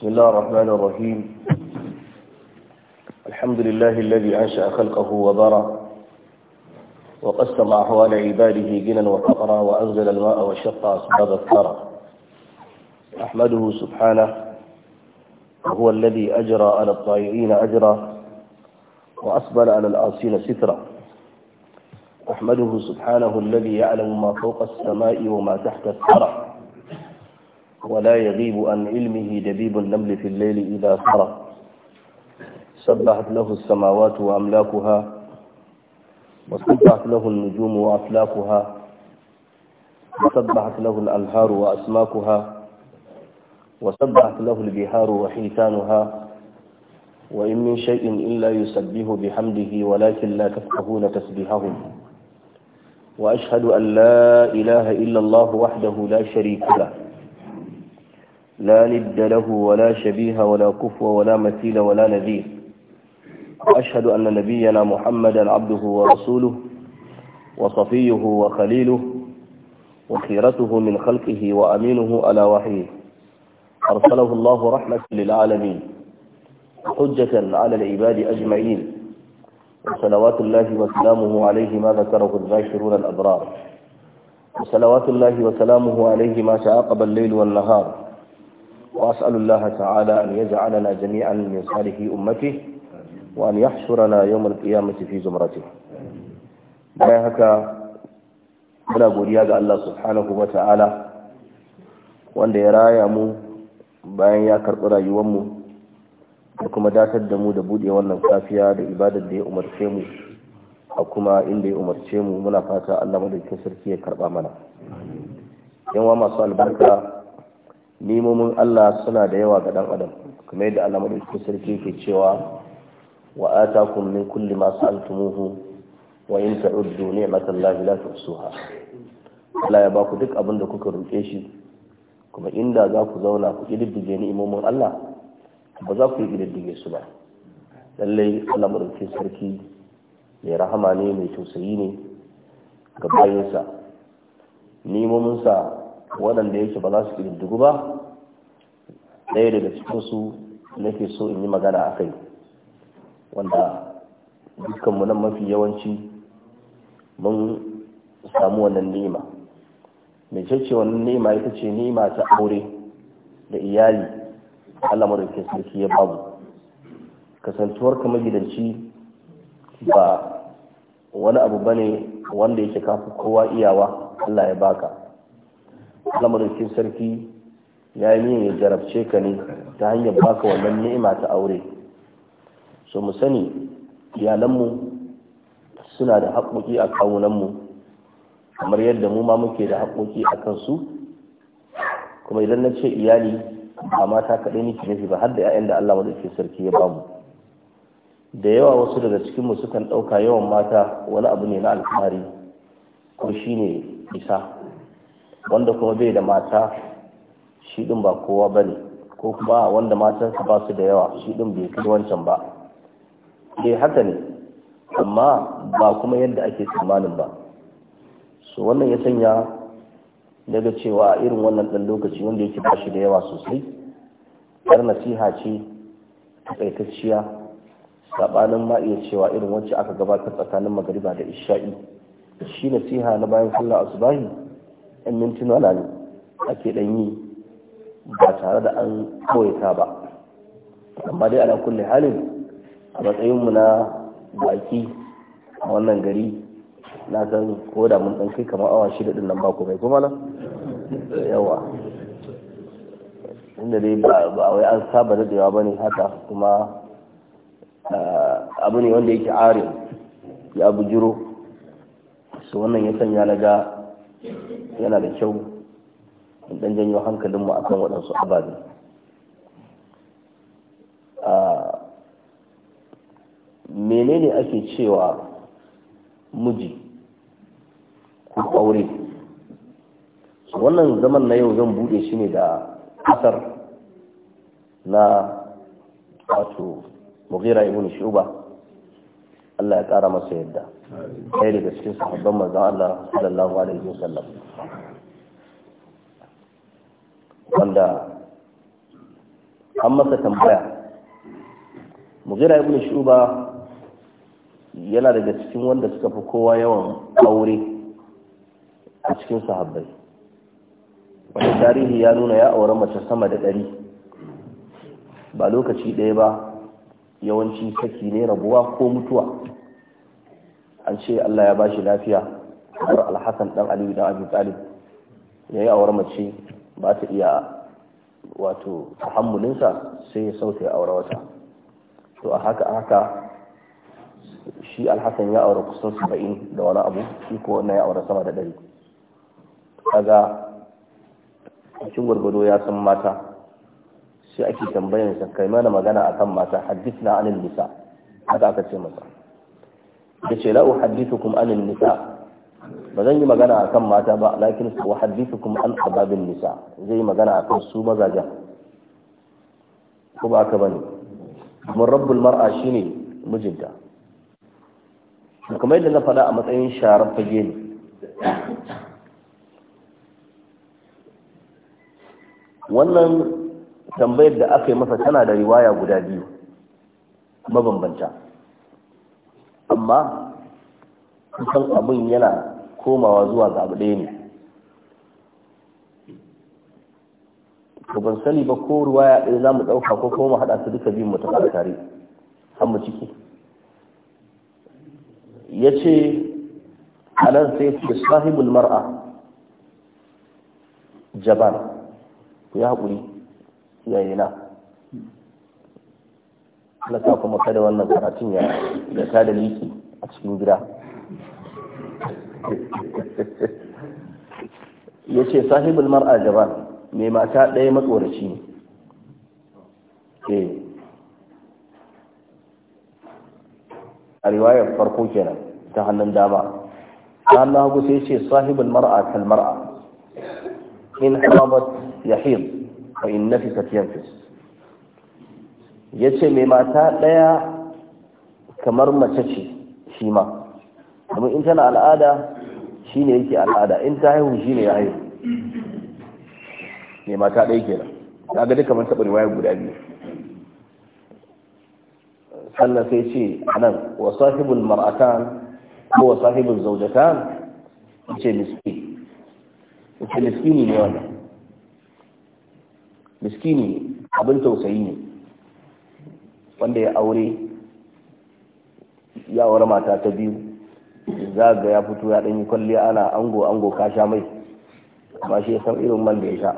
بسم الله الرحمن الرحيم الحمد لله الذي أنشأ خلقه وبرى وقسم أحوال عباده جنا وفقرا وأنزل الماء وشق أسباب الثرى أحمده سبحانه وهو الذي أجرى على الطائعين أجرا وأسبل على الآصين سترا أحمده سبحانه الذي يعلم ما فوق السماء وما تحت الثرى ولا يغيب عن علمه دبيب النمل في الليل إذا سرى سبحت له السماوات وأملاكها وسبحت له النجوم وأفلاكها وسبحت له الأنهار وأسماكها وسبحت له البحار وحيتانها وإن من شيء إلا يسبه بحمده ولكن لا تفقهون تسبيحهم وأشهد أن لا إله إلا الله وحده لا شريك له لا ند له ولا شبيه ولا كفو ولا مثيل ولا نذير وأشهد أن نبينا محمدا عبده ورسوله وصفيه وخليله وخيرته من خلقه وأمينه على وحيه أرسله الله رحمة للعالمين حجة على العباد أجمعين وصلوات الله وسلامه عليه ما ذكره الباشرون الأبرار وصلوات الله وسلامه عليه ما تعاقب الليل والنهار وأسأل الله تعالى أن يجعلنا جميعا من صالح أمته وأن يحشرنا يوم القيامة في زمرته bayan haka muna godiya ga Allah subhanahu wa ta'ala wanda ya raya mu bayan ya karɓi rayuwanmu da kuma datar da mu da buɗe wannan safiya da ibadar da ya umarce mu a kuma inda ya umarce mu muna fata Allah madaukin sarki ya karɓa mana yanwa masu albarka nimomin Allah suna da yawa ga dan adam kuma yadda Allah madaukakin sarki ke cewa wa atakum min kulli ma sa'altumuhu wa in ta'uddu ni'matallahi la tuhsuha Allah ya baku duk abin da kuka roƙe shi kuma inda za ku zauna ku ƙididdige ni'imomin Allah ba za ku yi ƙididdige su ba lallai Allah madaukakin sarki mai rahama ne mai tausayi ne ga bayansa sa. waɗanda yake ba za su ƙididdigu ba ɗaya daga cikinsu nake so in yi magana a kai wanda dukkanmu nan mafi yawanci mun samu wannan nema mai cece wannan nema ita ce nema ta aure da iyali Allah ke sarki ya babu kasantuwar kama gidanci ba wani abu bane wanda yake kafi kowa iyawa Allah ya baka lamarin sarki ya yi ya jarabce ka ne ta hanyar baka wannan ni'ima ta aure so mu sani iyalanmu suna da haƙoƙi a kawunanmu kamar yadda mu ma muke da haƙoƙi a kansu kuma idan na ce iyali ba mata kaɗai nake nufi ba har da 'ya'yan da Allah madaukakin sarki ya bamu da yawa wasu daga cikinmu sukan ɗauka yawan mata wani abu ne na alfahari ko shine isa wanda kuma bai da mata shi din ba kowa ba ne ko kuma wanda matansa ba su da yawa shi din bai kai wancan ba dai eh, haka ne amma ba kuma yadda ake tsammanin ba su wannan ya sanya daga cewa irin wannan ɗan lokaci wanda yake ba shi da yawa sosai har nasiha ce takaitacciya saɓanin ma iya cewa irin wacce aka gabatar tsakanin magariba da isha'i shi nasiha na bayan sallah asubahi 'yan mintuna ne ake ɗan ba tare da an ta ba amma dai ana kulle halin a matsayinmu na baki a wannan gari na san ko da mun ɗan kai kamar awa shida ɗin nan ba ku mai kuma nan yawa inda dai ba wai an saba daɗewa ba ne haka kuma ah, abu ne wanda yake arin ya bujiro su wannan ya sanya na ga yana da kyau in dan janyo hankalinmu akan waɗansu ababe menene ake cewa miji ko aure wannan zaman na yau zan bude shi ne da asar na wato mugira ibn shuba Allah ya kara masa yadda ɗaya daga cikin sahabban manzon Allah sallallahu alaihi wasallam wanda an masa tambaya mujira ibn shuba yana daga cikin wanda suka fi kowa yawan aure a cikin sahabbai wani tarihi ya nuna ya aure mace sama da ɗari ba lokaci ɗaya ba yawanci saki ne rabuwa ko mutuwa an ce Allah ya bashi lafiya kamar alhassan dan aliyu dan abi talib ya yi awar mace ba ta iya wato tahammulinsa sai ya sauta aure wata to a haka a haka shi alhassan ya aure kusan saba'in da wani abu shi ko wannan ya aure sama da ɗari kaga cikin gwargwado ya san mata sai ake sa kai mana magana akan mata hadith na anil nisa haka aka ce masa da ce la uhaddithukum anin nisa ba zan yi magana akan mata ba lakin uhaddithukum an ababin nisa zai yi magana kan su mazajen ko ba ka bane mun rabbul mar'a shine mijinta kamar yadda na faɗa a matsayin sharar fage ne wannan tambayar da aka yi masa tana da riwaya guda biyu mabambanta amma kusan abin yana komawa zuwa ga abu ɗaya ne to ban sani ba ko ruwaya ɗaya za mu ɗauka ko kuma haɗa su duka biyun mu a tare mu ciki ya ce nan sai ke sahibul mar'a jaban ku yi haƙuri iyayena na sa kuma kada wannan karatun ya da ta da liki a cikin gida ya ce sahibul mar'a jaban mai mata ɗaya matsoraci ne eh. a riwayar farko kenan ta hannun dama hannun hagu sai ce sahibul mar'a kalmar'a in hamabat yahid wa in nafisat fis ya ce mai mata ɗaya kamar mace ce shi ma domin in tana al'ada shi ne yake al'ada in ta haihu shi ne ya haihu mai mata ɗaya kenan ta ga duka man taɓa riwaya guda biyu sannan sai ce a nan wa sahibul mar'atan ko wa sahibul zaujatan ce miski ce miskini ne wannan miskini abin tausayi ne wanda ya aure ya wara mata ta biyu za ga ya fito ya ɗanyi kwalliya ana ango ango ka sha mai amma shi ya san irin man da ya sha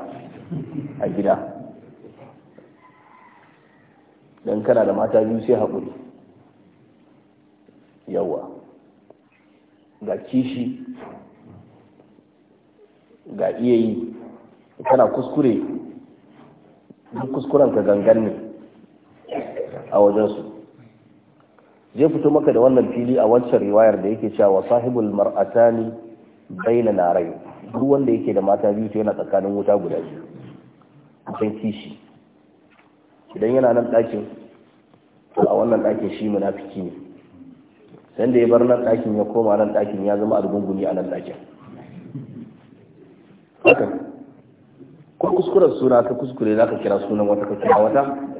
a gida don kana da mata biyu sai haƙuri yawa ga kishi ga iyayi kana kuskure duk kuskuren ka gangan ne a wajensu zai fito maka da wannan fili a wancan riwayar da yake cewa sahibul mar'atani baina narai duk wanda yake da mata biyu to yana tsakanin wuta guda biyu kusan kishi idan yana nan ɗakin a wannan ɗakin shi munafiki ne sanda ya bar nan ɗakin ya koma nan ɗakin ya zama argunguni a nan ɗakin haka ko kuskuren suna ka kuskure za ka kira sunan wata ka kira wata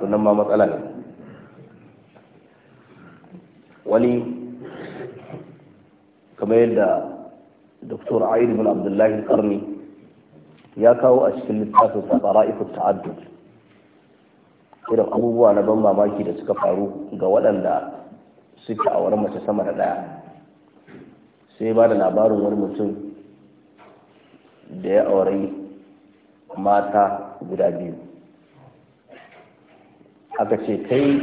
sunan ma matsala ne wani kamar yadda doktor aid bin abdullahi karni ya kawo a cikin littafin tsara ikut ta'addu irin abubuwa na ban mamaki da suka faru ga waɗanda suke a wurin mace sama da ɗaya sai ba da labarin wani mutum da ya aure mata guda biyu aka ce kai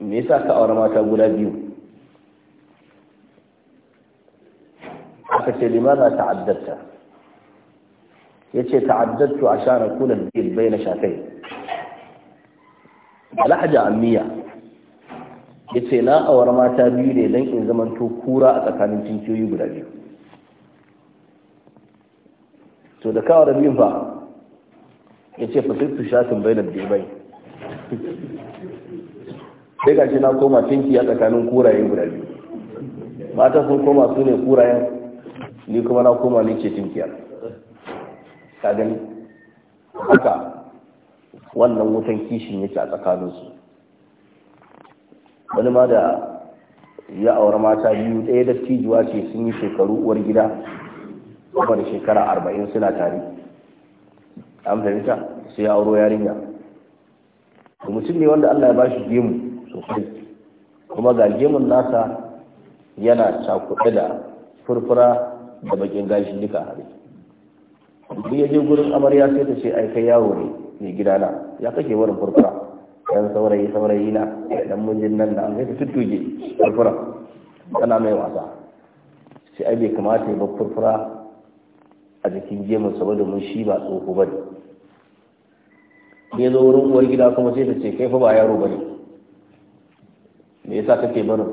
me yasa ka aure mata guda biyu aka ce limana ta'addata yace ta'addattu ashan akuna bil bayna shatai alhaja ammiya yace na aure mata biyu ne dan in to kura a tsakanin cinkiyoyi guda biyu to da kawar biyun ba yace fa shafin su shatin bayna bil bayna sai ga shi na koma tinki a tsakanin kurayen guda biyu mata sun koma su ne kurayen ni kuma na koma ni ce tinkiyar ta gani haka wannan wutan kishin yake a tsakanin su wani ma da ya aure mata biyu daya da tijuwa ce sun yi shekaru uwar gida kuma da shekara arba'in suna tare amfani ta sai ya auro yarinya to mutum ne wanda Allah ya ba shi gemu sosai kuma ga gemun nasa yana cakuɗe da furfura da bakin gashi duka hari duk ya je gurin amarya sai ta ce aika yawo ne mai gidana ya kake wurin furfura yan saurayi saurayi na dan jin nan da an ta furfura tana mai wasa sai ai bai kamata ya bar furfura a jikin gemun saboda mun shi ba tsoho bane ya zo wurin uwar gida kuma sai ta ce kai fa ba yaro bane me yasa kake barin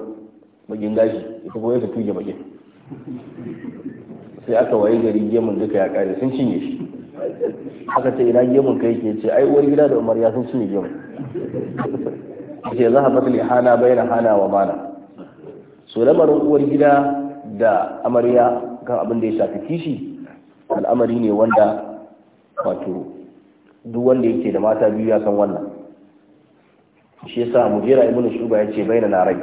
bakin gashi ita kuma yake tuje bakin sai aka waye gari gemun duka ya kare sun cinye shi aka ce ina gemun kai ke ce ai uwar gida da umar ya sun cinye gemun ce za a matsali hana bayan hana wa mana so lamarin uwar gida da amarya kan abin da ya shafi kishi al'amari ne wanda wato duk wanda yake da mata biyu ya san wannan shi yasa mujira ibnu shuba yace bayna narai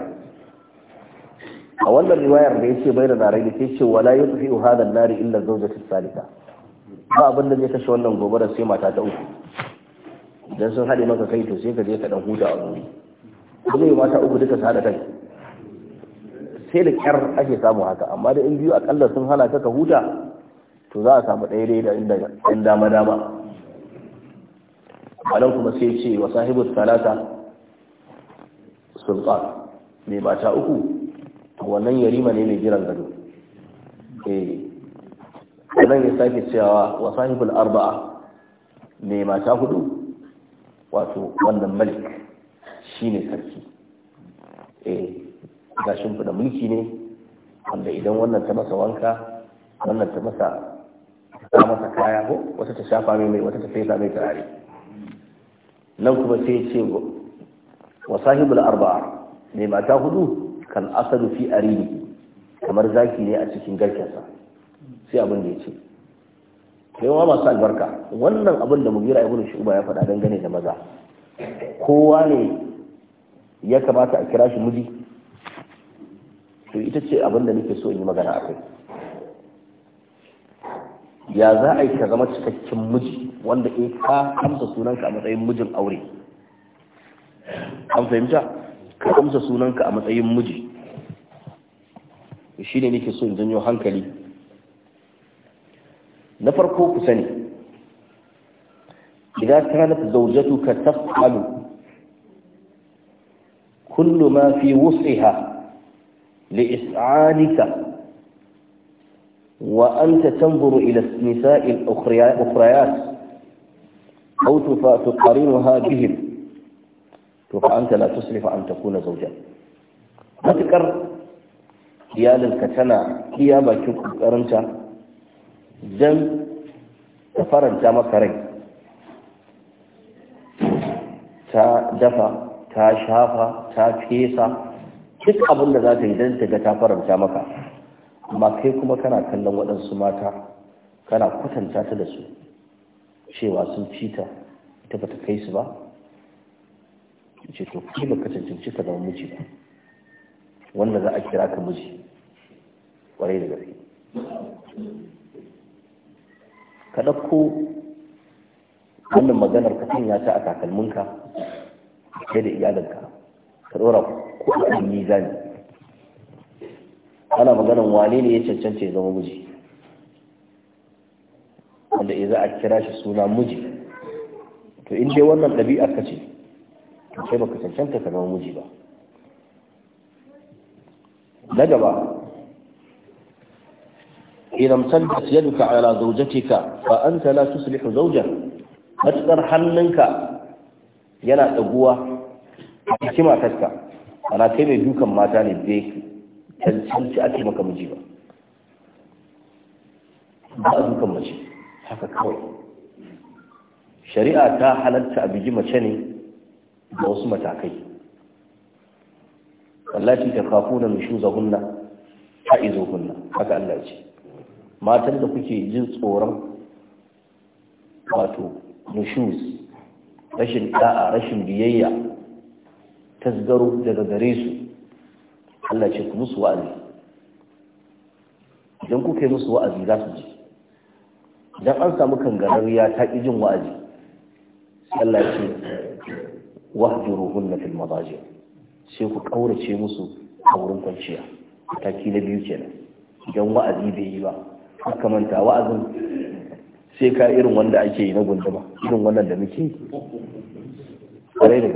a wannan riwayar da yace bayna narai sai ce wala yutfi'u hadha an-nari illa zawjatu salika ba abin da zai kashe wannan gobara sai mata ta uku idan sun hade maka kai to sai ka je ka dan huta a wuri kuma yi mata uku duka su hada kai sai da kyar ake samu haka amma da in biyu akalla sun hana ka ka huta to za a samu ɗaya da inda dama dama malam kuma sai ce wa sahibu talata sultan mai mata uku wannan yarima ne mai jiran gado eh ya sake cewa wa sahibul arba'a mai mata hudu wato wannan malik shine sarki eh ga da mulki ne wanda idan wannan ta masa wanka wannan ta masa ta masa kaya ko wata ta shafa mai mai wata ta fesa mai turare nan kuma sai ce wa sahibul arba'a mai mata hudu kan asalu fi arini kamar zaki ne a cikin garkensa sai abin da ya ce yawa masu albarka wannan abin da mugira ibn shuba ya faɗa dangane da maza kowa ne ya kamata a kira shi miji to ita ce abin da nake so in yi magana akai ya za a yi ka zama cikakken miji wanda in eh ka amsa sunanka a matsayin mijin aure an fahimta ka amsa sunanka a matsayin miji shi ne nake so in janyo hankali na farko ku sani idan zaujatu ka taf'alu kullu ma fi wus'iha li is'anika وأنت تنظر إلى النساء الأخريات أو تقارنها بهم فأنت لا تسرف أن تكون زوجا ما تكر ديال الكتنى قيامة كرنجة زم تفرن جامع تا تدفع تشافة تكيسة كيف أبو الله ذاته إذا أنت تفرن amma kai kuma kana kallon waɗansu mata kana kwatanta ta da su cewa sun cita ita ba ta kai su ba ce to kai ba ka cancanci ka zama miji ba wanda za a kira ka miji kwarai da gaske ka ɗauko wannan maganar ka sanya ta a takalminka kai da iyalinka ka ɗora ko a mizani ana maganan wane ne ya cancanta ya zama miji wanda ya za a kira shi suna miji to in dai wannan ɗabi'a ka ce sai baka cancanta ka zama miji ba na gaba idan talbas yaduka ala zawjatika fa anta su tuslihu zawjan matsar hannunka yana ɗaguwa a cikin matarka ana kai mai dukan mata ne bai cancanci ake maka miji ba ba a dukan mace haka kawai shari'a ta halatta a bigi mace ne ga wasu matakai wallafi ta kafu na nushu zahunna ta izo hunna haka Allah ce matan da kuke jin tsoron wato nushus rashin ɗa'a rashin biyayya tasgaro daga gare su Allah ce ku musu wa'azi idan kuka yi musu wa'azi za su ji idan an samu kangarariya ya taƙi jin wa'azi Allah ce wahjuruhunna fil madaji sai ku kaurace musu a wurin kwanciya mataki na biyu kenan idan wa'azi bai yi ba aka manta wa'azin sai ka irin wanda ake yi na gunduma irin wannan da muke yi kwarai da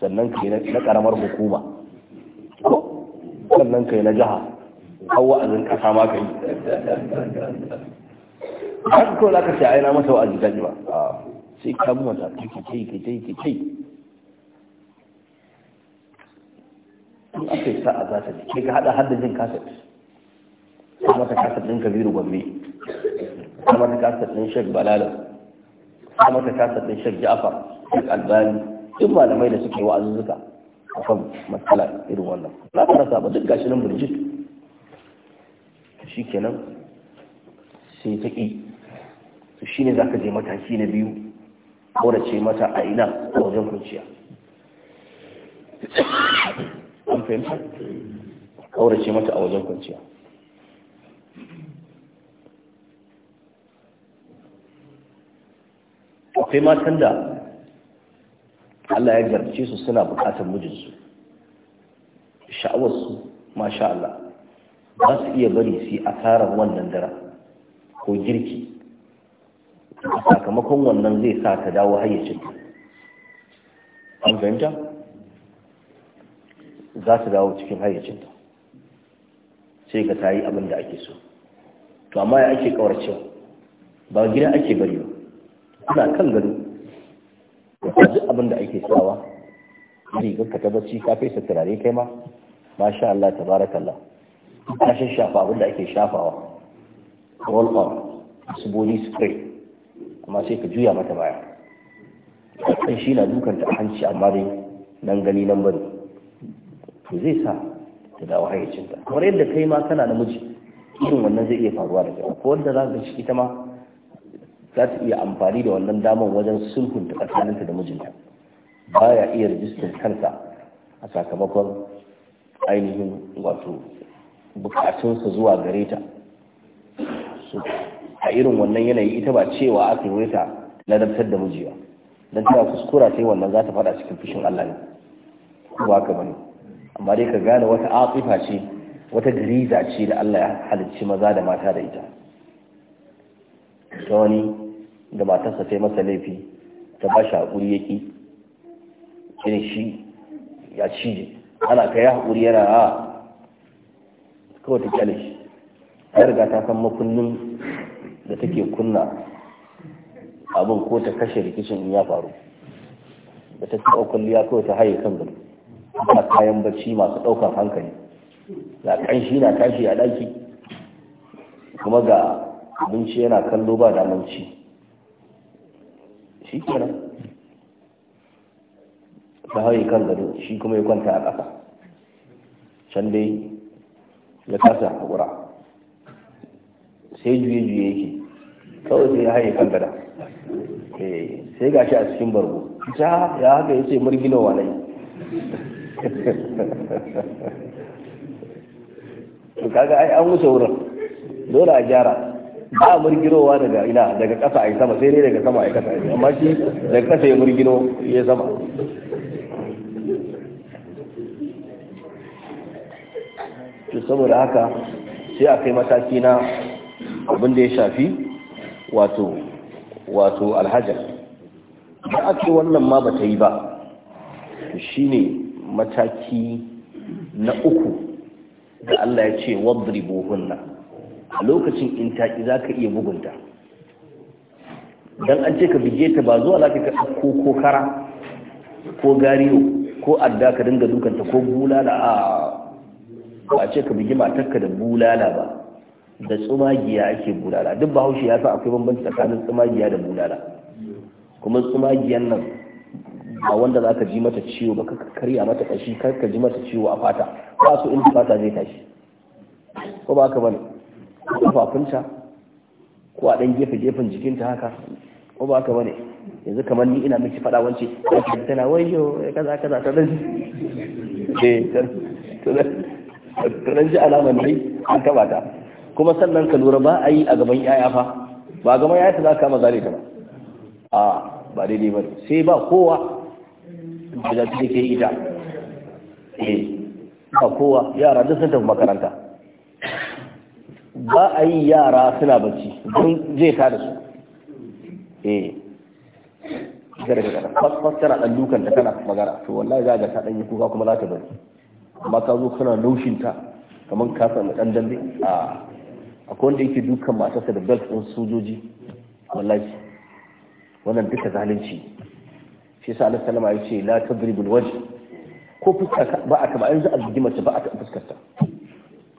sannan ka yi na karamar hukuma sannan kai na jiha a wa'azin kasa ma kai haka kawai za ka ce aina masa wa'azi ta ba sai ka mu mata kake kai kake kake kai in aka yi sa'a za ta ce kai ka haɗa har da jin kaset ka mata kaset din kabiru gombe ka mata kaset din shek balala ka mata kaset din shek ja'afar shek albani duk malamai da suke wa'azuzzuka kan matsala irin wannan na fara saba duk gashi nan burjit shi kenan sai ta ƙi su shi ne za ka je mataki na biyu ce mata a ina a wajen kunciya an fahimta ce mata a wajen kunciya akwai matan da Allah ya garce su suna bukatar mijinsu sha'awarsu masha Allah ba su iya bari su yi asarar wannan dara ko girki sakamakon wannan zai sa ta dawo hayyacin an ganta za su dawo cikin hayyacinta sai ka ta yi abin da ake so to amma ya ake kawarcewa ba gida ake bari ba ana kan gado ka abin da ake sawa rigar ka tabbaci ka fesa turare kai ma masha Allah ta tabarakallah ka shafa abin da ake shafawa roll on su body spray amma sai ka juya mata baya kan shi na dukanta a hanci amma dai nan gani nan bari. to zai sa ta dawo hayyacinta kamar yadda kai ma kana namiji irin wannan zai iya faruwa da kai ko wanda za ka shi ita ma za ta iya amfani da wannan damar wajen sulhunta tsakaninta da mijinta baya iya rijistar kansa a sakamakon ainihin wato bukatunsa zuwa gare ta a irin wannan yanayi ita ba cewa aka yi ta ladabtar da mijiya don tana kuskura sai wannan za ta fada cikin fushin Allah ne ba ka bane amma dai ka gane wata atsifa ce wata gariza ce da Allah ya halicci maza da mata da ita ta wani da matarsa ta yi masa laifi ta ba shi haƙuri ya ƙi shi ya ci ana ka ya haƙuri yana a ah, kawai ta kyale ta riga ta san makullin da take kunna abin ko ta kashe rikicin in ya faru da ta taɓa kulliya kawai ta haye kan gari A kayan bacci masu ɗaukar hankali ga ƙanshi na tashi a ɗaki kuma ga abinci yana kallo ba damanci shi kenan ta yi kan gado shi kuma ya kwanta a ƙasa can dai ya kasa a ƙura sai juye-juye yake kawai sai ya haye kan gada eh, sai ga shi a cikin bargo ta ya haka ya ce margina wa nai kaga ai an wuce wurin dole a gyara ba a murgirowa daga ina daga ƙasa a yi sama sai dai daga sama a yi ƙasa amma shi daga ƙasa ya murgino ya sama to saboda haka sai a kai mataki na abin da ya shafi wato wato alhajar da ake wannan ma ba ta yi ba shi ne mataki na uku da Allah ya ce nan. a lokacin in taƙi za ka iya bugunta don an ce ka bige ta ba zuwa za ka ɗauko ko kara ko gariyo ko adda ka dinga dukanta ko bulala a ba ce ka bige matarka da bulala ba da tsumagiya ake bulala duk bahaushe ya sa akwai bambanci tsakanin tsumagiya da bulala kuma tsumagiyan nan ba wanda za ka ji mata ciwo ba ka karya mata ƙashi karka ka ji mata ciwo a fata ba su in fata zai tashi ko ba ka bane a kafafunta ko a ɗan gefe-gefen jikinta haka ko ba ka bane yanzu kamar ni ina miki faɗa wance ɗan tana wayo kaza kaza ta ɗan eh ta ɗan ji alamar dai an taɓa ta kuma sannan ka lura ba a yi a gaban yaya fa ba a gaban yaya ta za ka kama zare ta ba a ba daidai ba sai ba kowa da za ta ke ita eh, ba kowa yara duk sun tafi makaranta ba a yi yara suna bacci don zai ta da su eh zai daga kada fasfas tana ɗan dukan ta kana magana to wallahi za ga ta ɗan yi kuka kuma za ta bari amma ka zo kana laushinta kamar ka samu ɗan dambe a akwai wanda yake dukan matarsa da belt ɗin sojoji wallahi wannan duka zalunci shi yasa Allah sallama ya ce la tadribul wajh ko fuska ba a kama yanzu a bugi mace ba a taɓa fuskarta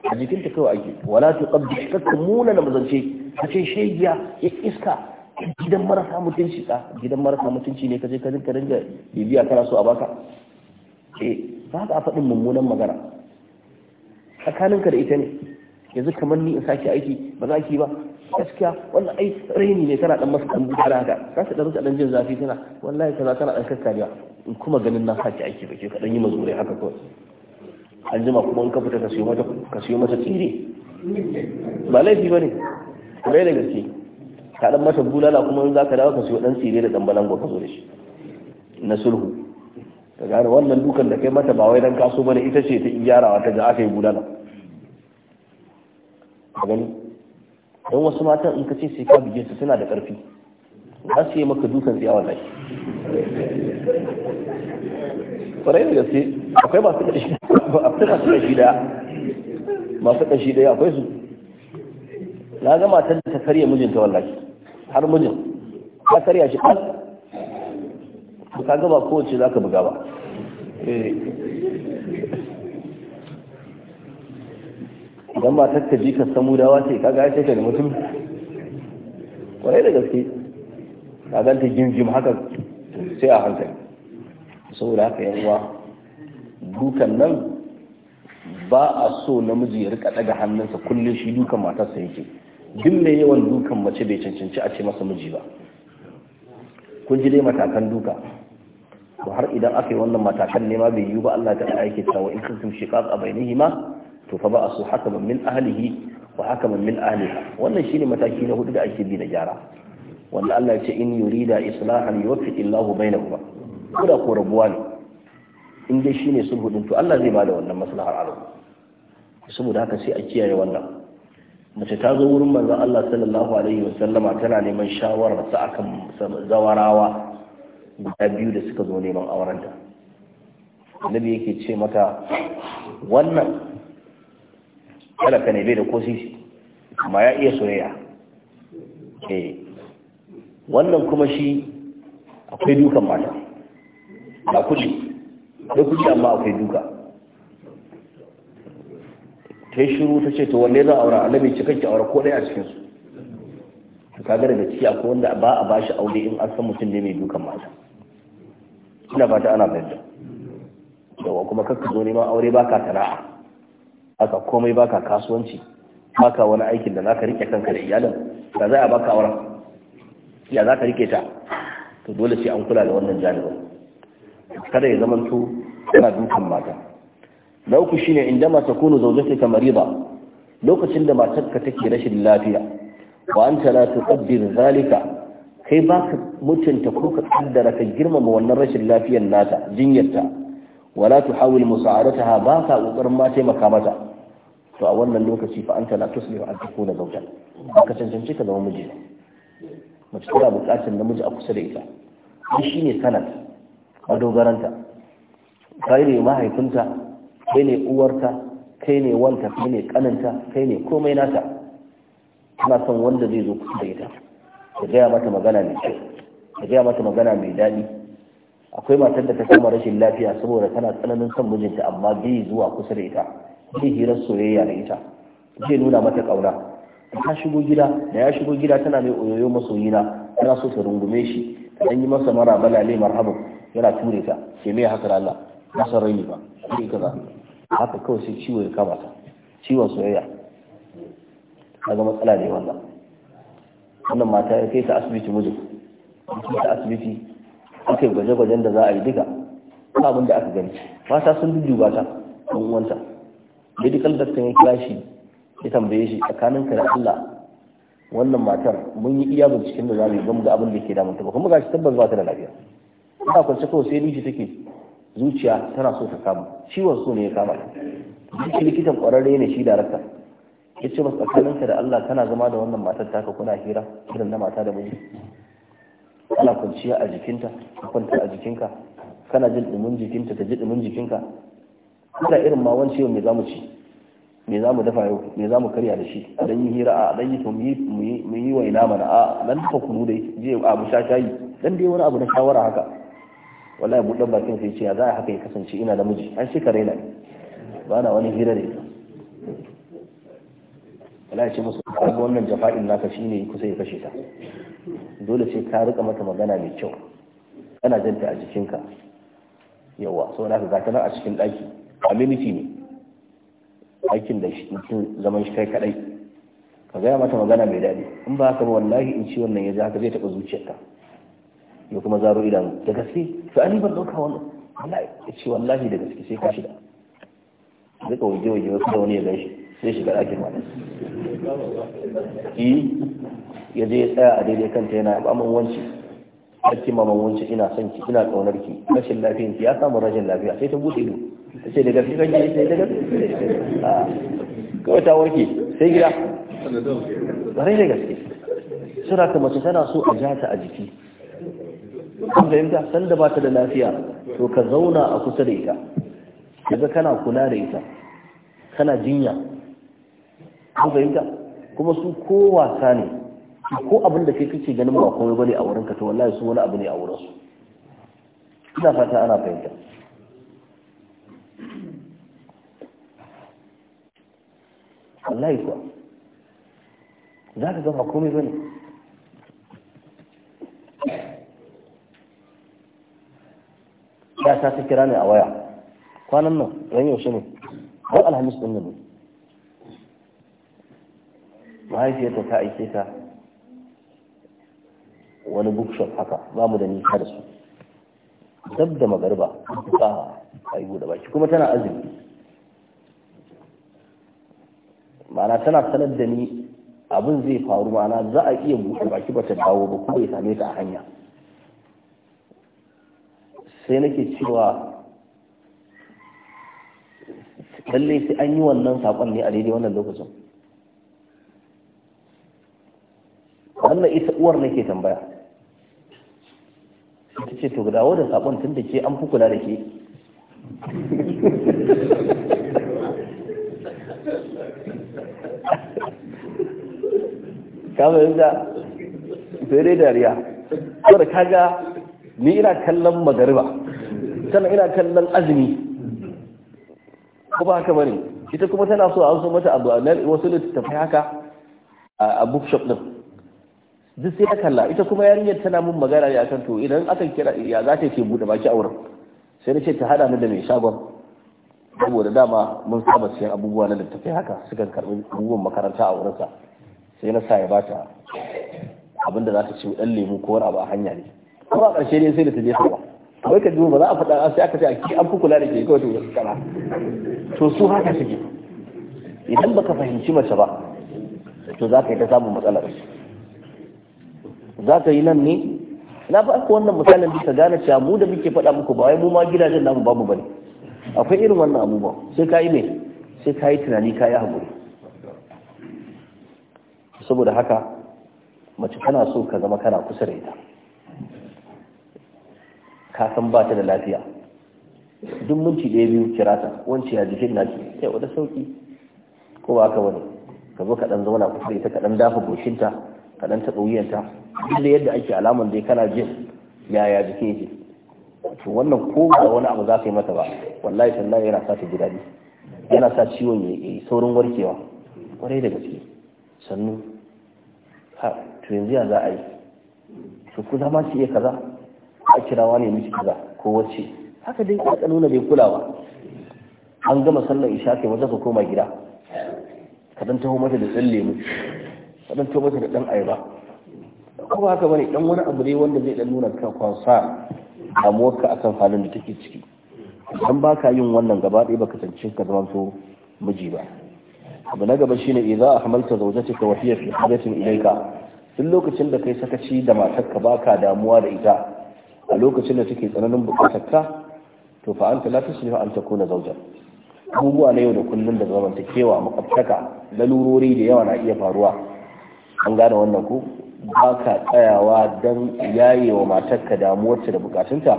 a jikin ta kawai ake wala tu qabdi kakka muna na mazance ka ce shegiya ya iska gidan marasa mutunci ka gidan marasa mutunci ne ka je ka rinka rinka bibiya kana so a baka eh ba ka faɗin mummunan magana tsakaninka da ita ne yanzu kamar ni in sake aiki ba za ki ba gaskiya wannan ai raini ne tana dan masa tambu da haka za ta dan dan jin zafi tana wallahi kaza tana dan kakkarewa in kuma ganin na sake aiki ba ke ka dan yi mazuri haka kawai an jima kuma in ka fita ka siyo mata ka siyo mata tsire ba laifi bane bai da gaske ka dan mata bulala kuma in zaka dawo ka siyo dan tsire da dambalan balango ka zo da shi na sulhu ka gane wannan dukan da kai mata ba wai dan kaso bane ita ce ta iyarawa ta ga aka yi bulala ka gani don wasu matan in ka ce sai ka bige su suna da karfi za su yi maka dukan tsiya wallahi kwarai da gaske akwai masu ƙarshe suna kashi daya masu kashi daya akwai su na ga matar da ta karya mijinta wallahi har mijin ta karya shi ɗan ka gaba kowace za ka buga ba eh. idan ba ta kaji ka samu dawa ce ka kaga ya shekar mutum kwarai da gaske ka ganta gimgim haka sai a hankali saboda haka yawa dukan nan ba a so namiji ya rika daga hannunsa kullum shi dukan matarsa yake duk mai yawan dukan mace bai cancanci a ce masa miji ba kun ji dai matakan duka to har idan aka yi wannan matakan ne ma bai yiwu ba Allah ta ala yake cewa in kuntum shiqaq ma. to fa ba asu hakaman min ahlihi wa hakaman min ahliha wannan shine mataki na hudu da ake bi na gyara wanda Allah ya ce in yurida islahan yuwaffiq Allahu bainahuma koda ko rabuwa ne in dai shine sulhu din to Allah zai bada wannan maslahar arabu saboda haka sai a kiyaye wannan mace ta zo wurin manzo Allah sallallahu alaihi wa sallama tana neman shawarar sa akan zawarawa guda biyu da suka zo neman aurenta annabi yake ce mata wannan talaka ne bai da ko sisi amma ya iya soyayya eh wannan kuma shi akwai dukan mata na kudi sai kuke amma akwai duka ta yi shiru ta ce to wanne za a aura annabi ce kake aure ko ɗaya a cikin su kaga daga ciki ko wanda ba a bashi aure in an san mutum ne mai dukan mata ina fata ana da yawa kuma kakka zo neman aure baka sana'a haka komai baka kasuwanci ka wani aikin da za ka rike kanka da iyalin da za a baka auren ya za ka rike ta to dole sai an kula da wannan janibin kada ya zamanto kana dukan mata na uku shine inda ma takunu ka mariba lokacin da ka take rashin lafiya wa anta la tuqaddir zalika kai baka mutunta ko ka kaddara ka girmama wannan rashin lafiyar nata jinyarta wala tuhawil musa'adataha ba ka kokarin ma taimaka mata to a wannan lokaci fa anta la tuslihu an takuna zawjan ka cancanci ka zama miji mace tana bukatar namiji a kusa da ita shi ne sanad madogaranta kai ne mahaifinta kai ne uwarta kai ne wanta kai ne kaninta kai ne komai nata tana son wanda zai zo kusa da ita ta gaya mata magana mai kyau ta gaya mata magana mai daɗi akwai matar da ta kama rashin lafiya saboda tana tsananin son mijinta amma bai zuwa kusa da ita zai hirar soyayya da ita zai nuna mata ƙauna ta shigo gida da ya shigo gida tana mai oyoyo masoyina tana so ta rungume shi ta yi masa mara balale marhaban yana ture ta sai mai haka Allah na san rai ba sai kaza haka kawai sai ciwo ya kama ta ciwon soyayya kaga matsala ne wannan wannan mata ya kai ta asibiti mijin kai ta asibiti ake gwaje-gwajen da za a yi duka abin da aka gani mata sun ba ta ɗan uwanta medical doctor ya kira shi ya tambaye shi tsakanin ka da Allah wannan matar mun yi iya binciken da za mu yi don ga abin da ke damunta ba kuma ga shi tabbas ba ta da lafiya ba kwance kawai sai miji take zuciya tana so ta kama ciwon so ne ya kama shi likitan kwararre ne shi darakta ya ce masu tsakaninka da Allah kana zama da wannan matar taka kuna hira irin na mata da miji kana kwanciya a jikinta ka kwanta a jikinka kana jin dumin jikinta ta ji dumin jikinka kuna irin ma wani ciwon me zamu ci me zamu dafa yau me zamu karya da shi a dan yi hira a dan yi to mu yi ina mana a nan dafa kunu dai je a mu sha shayi dan dai wani abu na shawara haka wallahi dan bakin sai ce za a haka ya kasance ina da miji an shekara yana ba na wani hira da ita wallahi ce musu kaga wannan jafa'in naka shine kusa ya kashe ta dole sai ka rika mata magana mai kyau kana janta a jikinka yawa so na ka nan a cikin ɗaki community ne aikin da mutum zaman shi kai kadai ka gaya mata magana mai daɗi in ba haka ba wallahi in ci wannan ya ji haka zai taɓa zuciyarka ya kuma zaro idanu da gaske to yi ban dauka wannan wallahi ya ce wallahi da gaske sai ka shiga duka waje waje wasu da wani ya gaishe sai shiga ɗakin malam yi eh, ya je ya tsaya a daidai kanta yana mamanwanci sarki mamanwanci ina son ki ina ƙaunar ki rashin lafiyan ki ya samu rashin lafiya sai ta buɗe ido ta ce gaske kan ki sai eh, gaske ah. kawai ta warke sai gida ƙwarai da gaske suna kamar su tana so a jata ta a jiki an fahimta sanda ba ta da lafiya to ka zauna a kusa da ita daga kana kula da ita kana jinya an fahimta kuma su ko wasa ne ko abin da ke kake ganin ba komai bane a wurin ka to wallahi su wani abu ne a wurin su ina fata ana fahimta wallahi kuwa za ka gama komai bane ya ta ta kira ne a waya kwanan nan ran yaushe ne har alhamis din nan mahaifiyarta ta aike ta wani bookshop haka ba mu da nisa da su dab da magarba ba a yi da baki kuma tana azumi ma'ana tana sanar da ni abin zai faru ma'ana za a iya buɗe baki ba ta dawo ba kuma ya same ta a hanya sai nake cewa lalle sai an yi wannan saƙon ne a daidai wannan lokacin wannan ita uwar nake tambaya ta ce to dawo da saƙon tun da ke an fi kula da ke kama yanzu zai dai dariya kaga ni ina kallon magariba sannan ina kallon azumi kuma haka bane ita kuma tana so a wasu mata abu a nan wasu tafi haka a bookshop din duk sai ta kalla ita kuma yarinyar tana mun magana ne akan to idan aka kira ya za ta ce bude baki a wurin sai na ce ta hada ni da mai shagon saboda dama mun saba siyan abubuwa na littafai haka sukan karbi abubuwan makaranta a wurinsa sai na sa ya bata abinda za ta ci dan lemu ko wani abu a hanya ne ko a ƙarshe ne sai da ta sama wai ka duba ba za a faɗa sai aka ce a ki an fi kula da ke kawai to kana to su haka suke idan baka fahimci mace ba to za ka yi ta samun matsalar za ka yi nan ne na ba ku wannan misalin bisa gane cewa mu da muke faɗa muku ba wai mu ma gidajen namu babu bane akwai irin wannan abubuwa sai ka yi ne sai ka yi tunani ka yi haƙuri saboda haka mace kana so ka zama kana kusa da ita ka san ba ta da lafiya duk minti ɗaya biyu kira ta wance ya jikin naki sai wata sauki ko ba ka wani ka zo ka dan zauna kusa ita ka dan dafa goshinta ka dan taɓa wuyanta duk da yadda ake alaman dai kana jin yaya jikin yake to wannan ko ba wani abu za ka yi mata ba wallahi tallahi yana sa ta ji daɗi yana sa ciwon ya yi saurin warkewa kwarai da gaske sannu ha to yanzu ya za a yi to ku zama iya kaza a kirawa ne miki kaza ko wacce haka dai ka nuna bai kulawa an gama sallar isha kai maza ka koma gida ka dan taho mata da tsalle mu ka dan taho mata da dan ayaba ko ba haka bane dan wani abu ne wanda zai dan nuna ka kwansa damuwarka akan halin da take ciki dan baka yin wannan gaba ɗaya baka tance ka zama so miji ba abu na gaba shine idza ahmalta zawjatika wa hiya fi hadathin ilayka duk lokacin da kai sakaci da matarka baka damuwa da ita a lokacin da take tsananin bukatar ta to fa anta la fa an kuna zawjan abubuwa na yau da kullun da zamantakewa makabtaka lalurori da yawa na iya faruwa an gane wannan ko ba ka tsayawa don yaye wa matarka damuwarta da bukatunta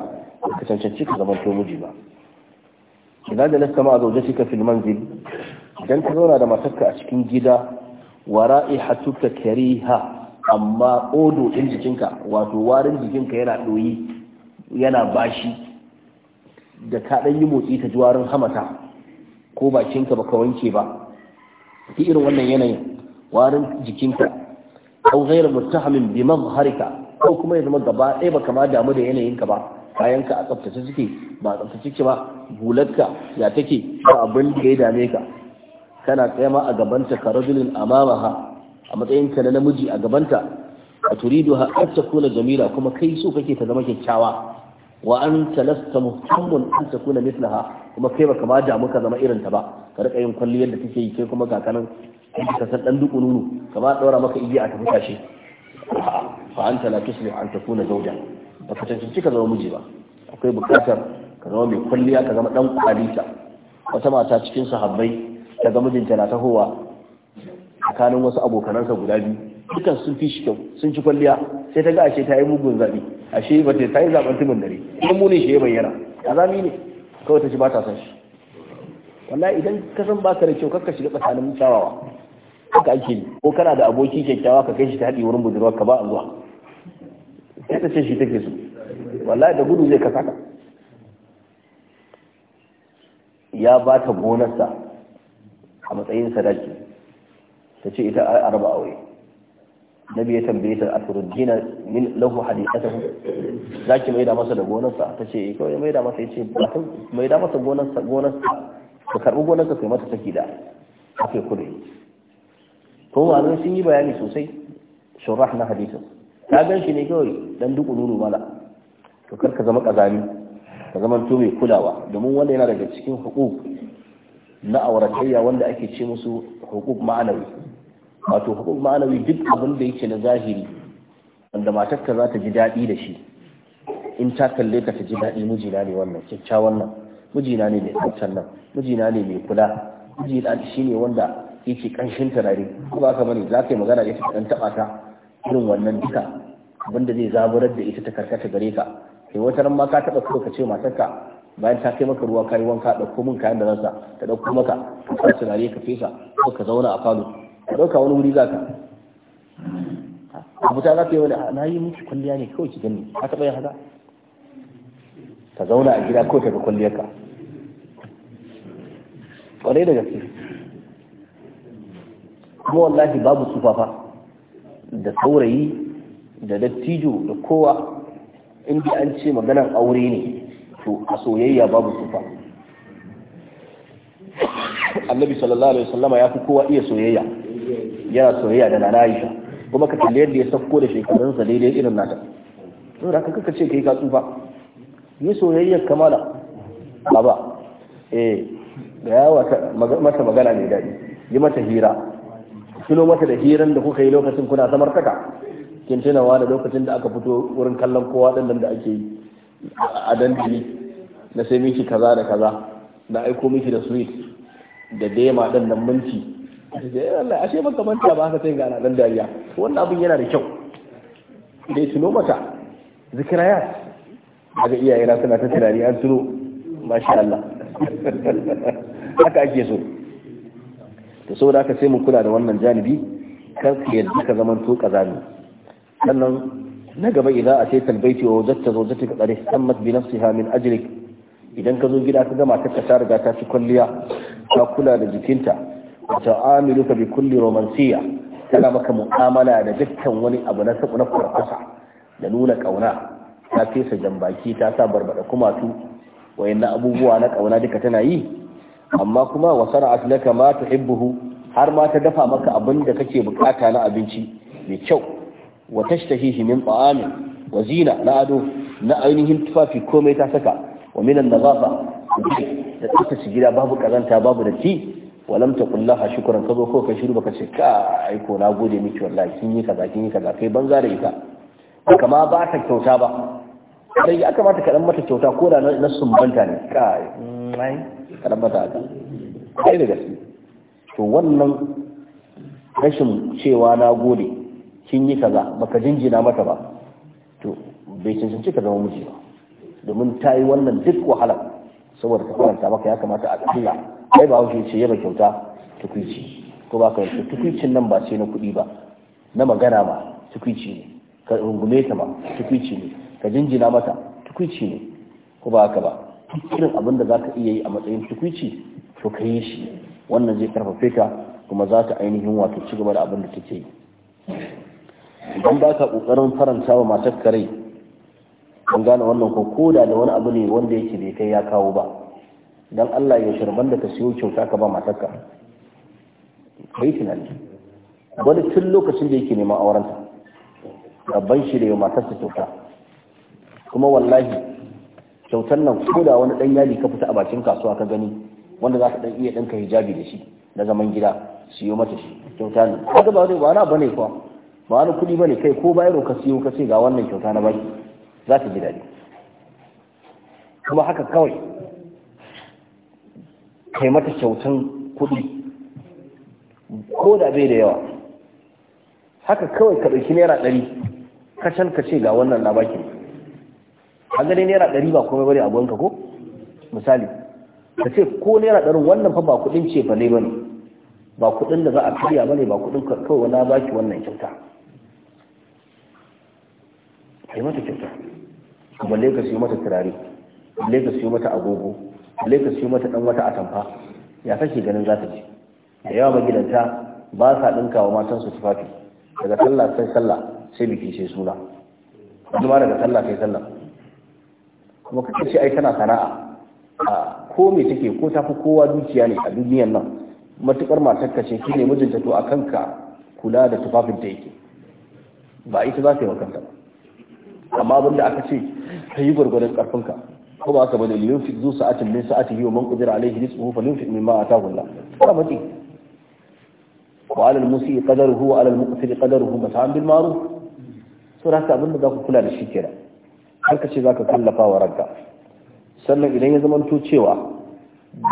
ka cancanci ka zaman to miji ba idan da lasta ma zaujatika fil manzil idan ka zauna da matarka a cikin gida wa ra'ihatuka kariha amma odo din jikinka wato warin jikinka yana ɗoyi. yana bashi da kaɗan yi motsi ta juwarin hamata ko bakinka ba ka wanke ba ki irin wannan yanayin warin jikinka ko ghairu muttahamin bi mazharika ko kuma ya zama gaba ɗaya ba kama damu da yanayinka ba kayanka a tsaftace suke ba tsaftace ki ba bulatka ya take ba abin da ya dame ka kana ma a gabanta ka rajulin amamaha a matsayinka na namiji a gabanta wa turiduha an takuna jamila kuma kai so kake ta zama kyakkyawa wa anta lasta muhammun an takuna mithlaha kuma kai baka ma damu ka zama irin ta ba ka rika yin kwalliya da take yi kai kuma ga kanan ka san dan duku Ka ba daura maka igiya a tafi tashi fa ta la tuslih an takuna zawja baka cancanci ka zama miji ba akwai bukatar ka zama mai kwalliya ka zama dan kwalita wata mata cikin sahabbai ta mijinta na tahowa tsakanin wasu abokanansa guda biyu dukkan sun fi shi kyau sun ci kwalliya sai ta ga ashe ta yi mugun zaɓi ashe ba ta yi zaɓen tumin dare kuma munin shi ya bayyana azami ne kawai ta ci ba ta san shi wallahi idan ka san ka da kyau kakka shiga tsakanin musawawa haka ake yi ko kana da aboki kyakkyawa ka kai shi ta haɗi wurin budurwa ka ba a zuwa sai ta ce shi take so wallahi da gudu zai kasa ka ya ba ta gonarsa a matsayin sadaki ta ce ita a raba aure nabi ya tambaye ta a turjina min lahu hadithatahu zaki mai da masa da gonarsa ta ce eh, kawai mai da masa yace mai da masa gonarsa gonarsa ka karbi gonarsa kai mata saki da akai kudi ko malamai sun yi bayani sosai sharahna na ka gan shi ne kawai dan duk nuru mala to kar ka zama kazami ka zama to mai kulawa domin wanda yana daga cikin hukuk na auratayya wanda ake ce musu hukuk ma'anawi wato hukun ma'anawi duk abin da yake na zahiri wanda matarka za ta ji daɗi da shi in ta kalle ka ta ji daɗi mijina ne wannan kyakkyawan nan mijina ne mai tsaftar nan mijina ne mai kula mijina shi ne wanda yake ƙanshin turare ko ba ka bane za ka yi magana da ita ɗan taɓa ta irin wannan duka abin da zai zaburar da ita ta karkata gare ka kai wata ran ma ka taɓa kawai ka ce matarka bayan ta kai maka ruwa ka yi wanka ɗauko min kayan da zan sa ta ɗauko maka ka sa turare ka fesa ko ka zauna a falo ka ɗauka wani wuri za ka abuta za ka yi wani ah, na yi miki kwalliya ne kawai ki gani a taɓa yin haka ka zauna a gida kawai ka kwalliyar ka ƙwarai da gaske kuma wallahi babu tsufafa da saurayi da dattijo da kowa in an ce maganar aure ne to a soyayya babu tsufa annabi sallallahu alaihi wasallama ya fi kowa iya soyayya yana soyayya da nana Aisha kuma ka kalli yadda ya sauko da shekarunsa daidai irin nata to da kaka ce kai ka tsufa yi soyayyar kamala baba eh da yawa mata magana mai daɗi yi mata hira tuno mata da hiran da kuka yi lokacin kuna samartaka kin tunawa da lokacin da aka fito wurin kallon kowa ɗin da ake yi a dandali na sai miki kaza da kaza na aiko miki da sweet da dema ɗin nan minti da Allah ashe baka ba haka sai ga nan dariya wannan abin yana da kyau da tuno mata zikrayat daga iyaye na suna ta tunani an tuno masha Allah haka ake so to da ka sai mu kula da wannan janibi kar ka yadda ka zaman to kazami sannan na gaba idan a sai talbaiti wa wajatta zawjataka tsare? ihtammat bi nafsiha min idan ka zo gida ka ga ka ta riga ta ci kwalliya Ka kula da jikinta ta'amiluka bi kulli romansiya tana maka mu'amala da dukkan wani abu na sabu na kurkusa da nuna kauna ta fesa jambaki ta sa barbada kumatu wayannan abubuwa na kauna duka tana yi amma kuma wa sana'at laka ma tuhibbu har ma ta dafa maka abin da kake bukata na abinci mai kyau wa tashtahihi min ta'ami wa zina na ado na ainihin tufafi komai ta saka wa minan nazafa da tsaftace gida babu kazanta babu datti walam ta kullaha shukran ka zo ko ka shiru baka ce ka aiko na gode miki wallahi kin yi kaza kin yi kaza kai banza da ita haka ma ba ta kyauta ba sai ya kamata ka dan mata kyauta ko da na sumbanta ne ka mai mm, ka dan mata ka kai da gaske to wannan rashin cewa na gode kin yi kaza baka jinjina mata ba to bai cancanci ka zama miji ba domin ta yi wannan duk wahalar saboda ka faranta maka ya kamata a kalla kai ba wuce ce yaba kyauta tukuici ko ba ka yanzu tukuicin nan ba ce na kuɗi ba na magana ma tukuici ne ka rungume ta ma tukuici ne ka jinjina mata tukuici ne ko ba haka ba irin abin da za ka iya yi a matsayin tukuici to ka yi shi wannan zai karfafe ka kuma za ka ainihin wato ci gaba da abin da take yi idan ba ka ƙoƙarin faranta wa matar rai an gane wannan ko koda da wani abu ne wanda yake bai kai ya kawo ba dan Allah ya shirban da ka siyo kyauta ka ba matarka kai tunani wani tun lokacin da yake neman aurenta rabban shi da ya matarsa kyauta kuma wallahi kyautar nan ko da wani dan yadi ka fita a bakin kasuwa ka gani wanda za ka dan iya ɗinka hijabi da shi na zaman gida siyo mata shi kyauta ne kaga ba wani ba na bane kuwa ba wani kuɗi bane kai ko bayro ka siyo ka ce ga wannan kyauta na baki za su ji daɗi kuma haka kawai kai mata kyautan kuɗi ko da bai da yawa haka kawai ka ɗauki naira ɗari kashan ka ce ga wannan na baki a gani naira ɗari ba komai bane a gwanka ko misali ka ce ko naira ɗarin wannan fa ba kuɗin ce fa ne ba ne ba kuɗin da za a karya ba ne ba kuɗin kawai na baki wannan kyauta kai mata kyauta balle ka siyo mata turare balle ka siyo mata agogo balle ka siyo mata dan wata atamfa ya kake ganin za ta ji da yawa magidanta ba sa dinka wa matan su tufafi daga sallah sai sallah sai biki sai suna kuma daga sallah sai sallah kuma kake ce ai tana sana'a a ko me take ko tafi kowa dukiya ne a duniyar nan matukar ka ce ne mijinta to akan ka kula da tufafin ta yake ba ita za ta yi wa kanta ba amma abin da aka ce ka yi gwargwadon karfinka ko ba ka bane yunfi zu sa'atin min sa'atihi wa man qadira alayhi rizquhu falyunfi mimma ataahu Allah ba mati wa alal musi qadaruhu wa alal muqtir qadaruhu masan bil ma'ruf so da abin da ku kula da shi kenan har ka ce zaka kallafa wa ranka sannan idan ya zamanto cewa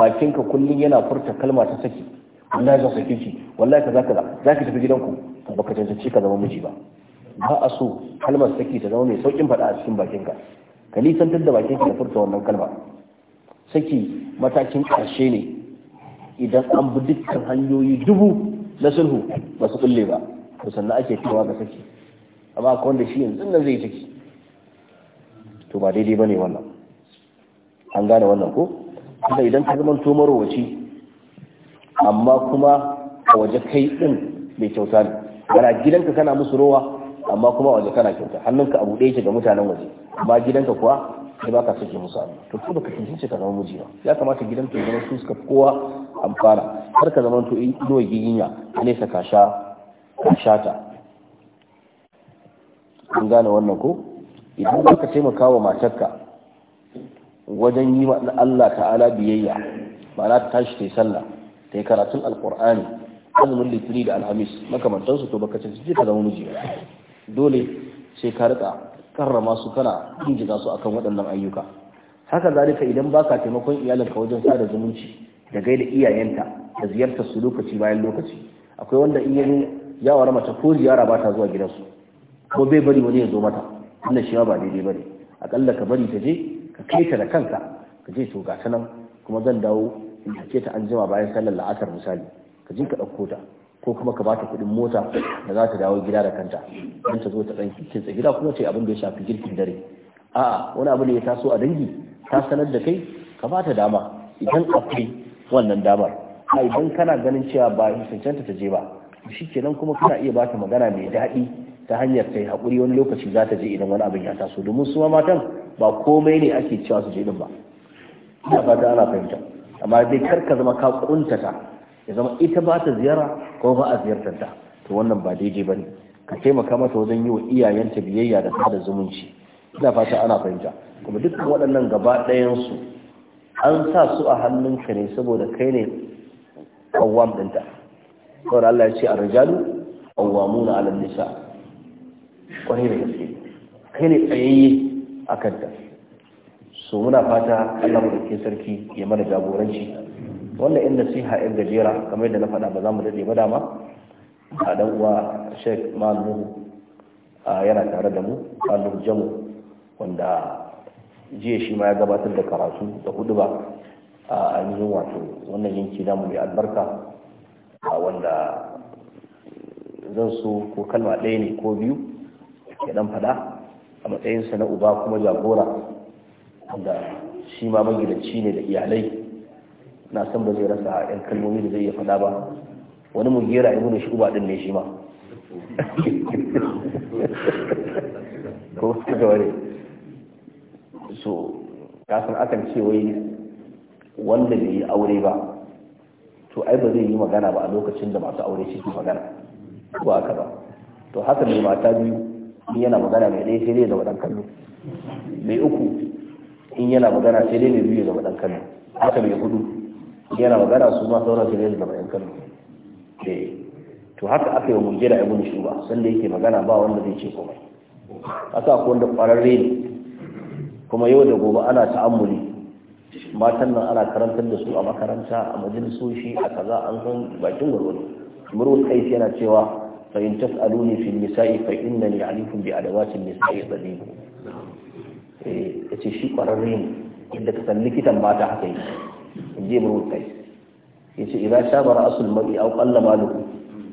bakinka kullun yana furta kalma ta saki wallahi zan sake ki wallahi kaza za zaki tafi gidanku baka cancanci ka zama miji ba ba a so kalmar saki ta zama mai saukin faɗa a cikin bakinka ka nisantar da bakin ka furta wannan kalma saki matakin ƙarshe ne idan an bi dukkan hanyoyi dubu na sulhu ba su kulle ba to sannan ake cewa ga saki amma akwai wanda shi yanzu nan zai saki to ba daidai bane wannan an gane wannan ko kuma idan ka zama to marowaci amma kuma a waje kai din mai kyauta ne gara gidanka kana musu rowa amma kuma waje kana kyauta hannunka abu ɗaya ke ga mutanen waje amma gidanka kuwa sai baka sake musu abu to ko baka kincince ka zama miji ba ya kamata gidan ya zama su suka kowa amfana har ka zama to inuwa giginya nesa ka sha ka shata kun gane wannan ko idan baka taimaka wa matarka wajen yi wa Allah ta'ala biyayya ma'ana ta tashi ta sallah ta yi karatun alkur'ani azumin litini da alhamis makamantansu to baka cancanci ka zama miji ba dole sai ka rika karrama su kana injiga su akan waɗannan ayyuka haka zalika idan baka taimakon iyalinka wajen sada zumunci da gaida iyayenta da ziyartar su lokaci bayan lokaci akwai wanda in yazo ya wara mata ko ziyara ba ta zuwa gidansu ko bai bari wani ya zo mata wannan shi ba daidai bane akalla ka bari ta je ka kai ta da kanka ka je to ga ta nan kuma zan dawo in take ta anjima bayan sallar la'asar misali ka jin ka ɗauko ta ko kuma ka bata kuɗin mota da za ta dawo gida da kanta don ta zo ta ɗan kitsa gida kuma ce abin da ya shafi girkin dare a'a wani abu ne ya taso a dangi ta sanar da kai ka bata dama idan akwai wannan damar a idan kana ganin cewa ba cancanta ta je ba shi kenan kuma kana iya bata magana mai daɗi ta hanyar ta yi haƙuri wani lokaci za ta je idan wani abin ya taso domin su ma matan ba komai ne ake cewa su je din ba ina fata ana fahimta amma dai kar ka zama ka ƙuntata. ya zama ita ba ta ziyara ko ba a ziyartar ta to wannan ba daidai ba ne ka taimaka mata wajen yi wa iyayenta biyayya da sada zumunci ina fata ana fahimta kuma dukkan waɗannan gaba ɗayansu an sa su a hannunka ne saboda kai ne kawwam ɗinta saboda Allah ya ce a rijalu na 'ala nisa kwarai da gaske kai ne tsayayye a kanta so muna fata Allah mu sarki ya mana jagoranci wannan in nasiha in gajera kamar yadda na faɗa ba za mu daɗe ba dama a dan uwa sheik malamu yana tare da mu malamu jamu wanda jiya shi ma ya gabatar da karatu da hudu ba a ainihin wato wannan yanki mu mai albarka wanda zan so ko kalma ɗaya ne ko biyu ya dan faɗa a matsayinsa na uba kuma jagora wanda shi ma magidanci ne da iyalai na san ba zai rasa yan kalmomi da zai iya faɗa ba wani gera mugera shi uba din ne shi ma ko suka ware so kasan akan ce wai wanda bai yi aure ba to ai ba zai yi magana ba a lokacin da masu aure shi magana ba haka ba to haka mai mata biyu in yana magana mai ɗaya sai dai zama ɗan kallo mai uku in yana magana sai dai mai biyu da waɗan kallo haka mai hudu yana magana su ma sauran su ne da bayan kan to haka aka yi wa a ibn shuba sanda yake magana ba wanda zai ce komai haka ko wanda kwararre ne kuma yau da gobe ana ta'ammuli matan nan ana karantar da su a makaranta a majalisoshi a kaza an san bakin gwargwado murwus kais yana cewa fa in tas'aluni fi nisa'i fa innani alifun bi adawatin nisa'i tsadib eh ce shi kwararre ne inda ka san likitan mata haka yi zai bar wuta ya ce idan sha bara asul mai au kalla maluku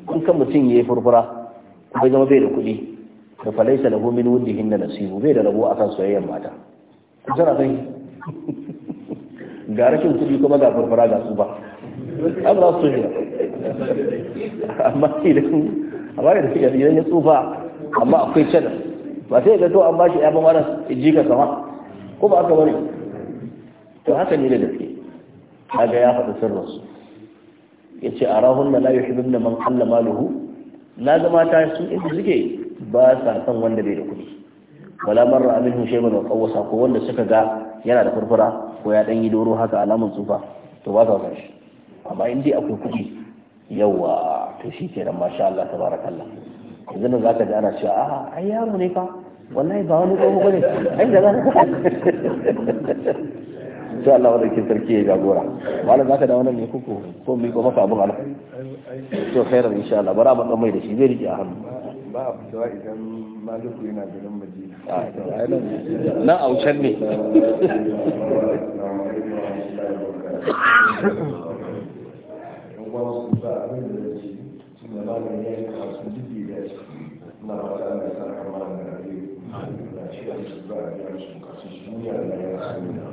kun kan mutum ya yi furfura bai zama bai da kuɗi da falaisa lahu min wundihin na nasibu bai da rabo akan soyayyar mata kun sana sai ga rashin kuɗi kuma ga furfura ga su ba an ba su yi amma idan amma idan ya tsufa amma akwai cana ba sai ga to an ba shi ya ban wani jika sama ko ba aka bari to haka ne da gaske kaga ya faɗi sirrinsu ya ce a rahun na layu shi da man kalla maluhu na zama ta sun inda suke ba sa san wanda bai da kuɗi wala marra amin hushe shaiman wa kawasa ko wanda suka ga yana da furfura ko ya ɗan yi doro haka alamun tsufa to ba sa san shi amma in dai akwai kuɗi yawa to shi nan masha Allah kalla yanzu nan ka ji ana cewa a ai yaro ne fa wallahi ba wani tsoho bane ai da za ka sai Allah wanda ke sarki ya jagora malam zaka da wannan ne kuku ko mai ko maka abun Allah to khairan insha Allah bara ban mai da shi zai rike a hannu ba abu da idan maluku yana garin Madina na aushen ne Thank you.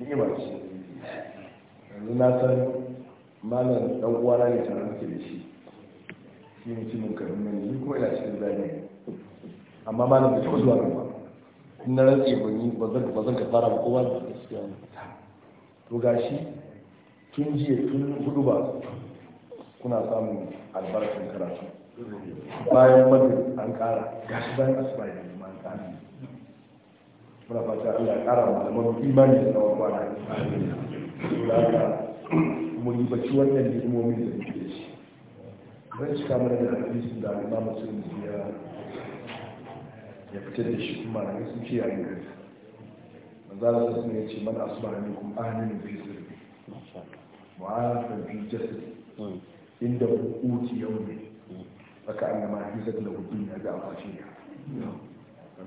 ni'ima ce yanzu na san malam dan uwana ne tare muke da shi shi mutumin kaduna ne ni kuma ina cikin ne, amma malam bai taɓa zuwa ba in na rantse ban yi ba zan ka fara ba kowa da gaskiya to gashi tun jiya tun hudu ba kuna samun albarkar karatu bayan madrid an kara gashi bayan asibayi muna fata Allah ya kara malaman imani da tsawon kwana mu yi bacci wannan ni'imomin da muke da shi zan cika mana da hadisin da Allah mutum ya ya fitar da shi kuma na sun ce a yau manzala sun ya ce man asuba ne kuma ahalin fi sirri mu'arafin fi inda hukuki yau ne baka annama hizar da hudun ya ga amfashiya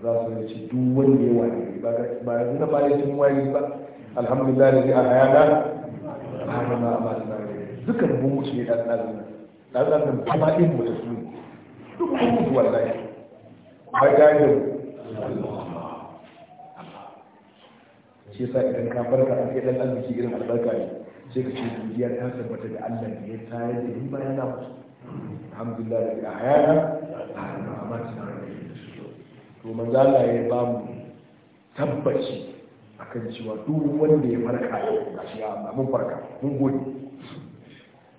za su ga ci duk wanda ya waye ba yanzu na baya sun waye ba alhamdulillah da zai a hayana a hannuna a masu nare dukkan mun wuce ne ɗan ɗan ɗan ɗan ɗan kuma ɗin mutu su duk mun mutu wallahi ba gajin shi yasa idan ka farka a kai ɗan arziki irin albarka ne sai ka ce duniya ta tabbata da Allah ne ya tayar da in yana mutu alhamdulillah da zai a hayana a hannuna a masu to za a yi ba mu tabbaci a kan cewa duk wanda ya farka yau gashi shi amma mun farka mun gode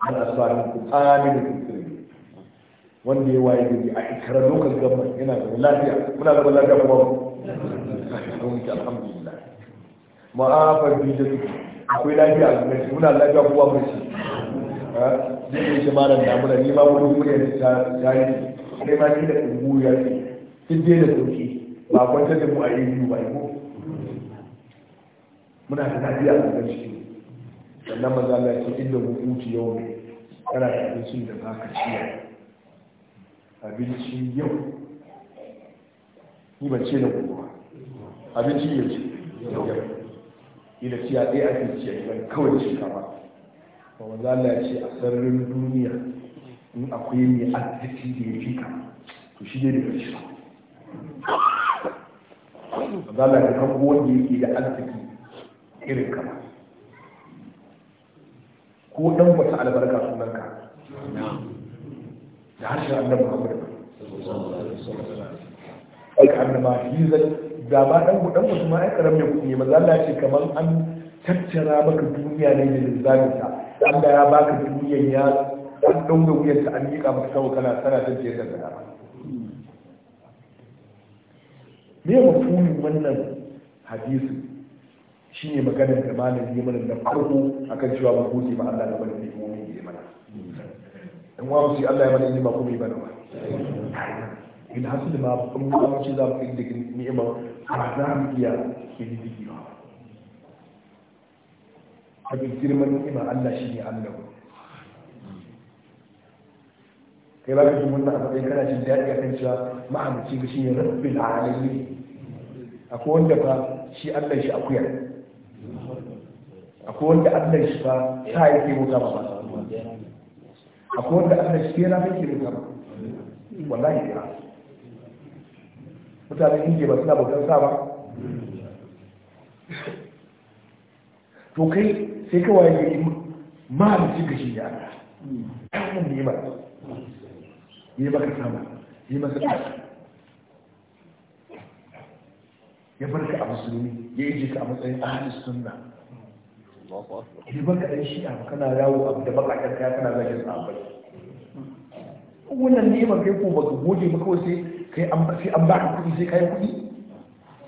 Allah subhanahu wa da amin wanda ya waye gari a ikirar lokal government yana da lafiya muna da lafiya kuma mu alhamdulillah ma'afar bijin akwai lafiya a shi muna lafiya kuma mu ci zai yi shi malam damuna ni ma wani wuri ta yi sai ma ni da kungu ya ce sun je da sauki ba kwanta da mu a yi biyu ba ko muna da lafiya a cikin shi sannan maza Allah ya ce inda mu hutu yau ne kana da abinci da za ka ciya abinci yau ni ban ce da kuma abinci yau ce yau ila ciya ɗaya ake ciya idan kawai shi kama ba maza Allah ya ce a sararin duniya in akwai mai arziki da ya fi ka to shi ne da ya zala ne kan wanda yake da arziki irin kama ko dan wata albarka sunan ka da harshen annabi Muhammad ai ka annaba hizal da ba dan dan wasu ma ya karamin kuɗi ne maza Allah ce kamar an tattara maka duniya ne da lizamin ta Allah ya baka duniya ya an dauka wuyar ta an yi maka sau kana sana ta ce ta gaba me mafhumin wannan hadisi shine maganar da malam yi mana da farko kan cewa ba kuke ba Allah da bane ne mu yi mana in wa shi Allah ya mana ni ba kuma bana ba in hasu da ma kun ba shi za mu yi da ni'ima ba za mu iya kididdigewa ba a girman ni'ima Allah shine Allah kai ba ka jin wannan abu dai kana jin daɗi kan cewa ma'amaci ga shi ne rabbil alamin akwai wanda fa shi Allah shi akuya akwai wanda Allah shi fa ta yake wuta ba ba akwai wanda Allah shi yana yake wuta ba wallahi kira mutanen inje ba suna bautar sa ba to kai sai kawai ne ma'amaci ga shi ne Allah ɗan yi ne ba yi maka sama yi maka tashi ya barka a musulmi ya yi jika a matsayin ahalus sunna ya barka ɗan a kana yawo a da bakakken kaya kana zagin sahabbai wannan neman kai ko baka goge maka wasu sai an baka kuɗi sai kayan kuɗi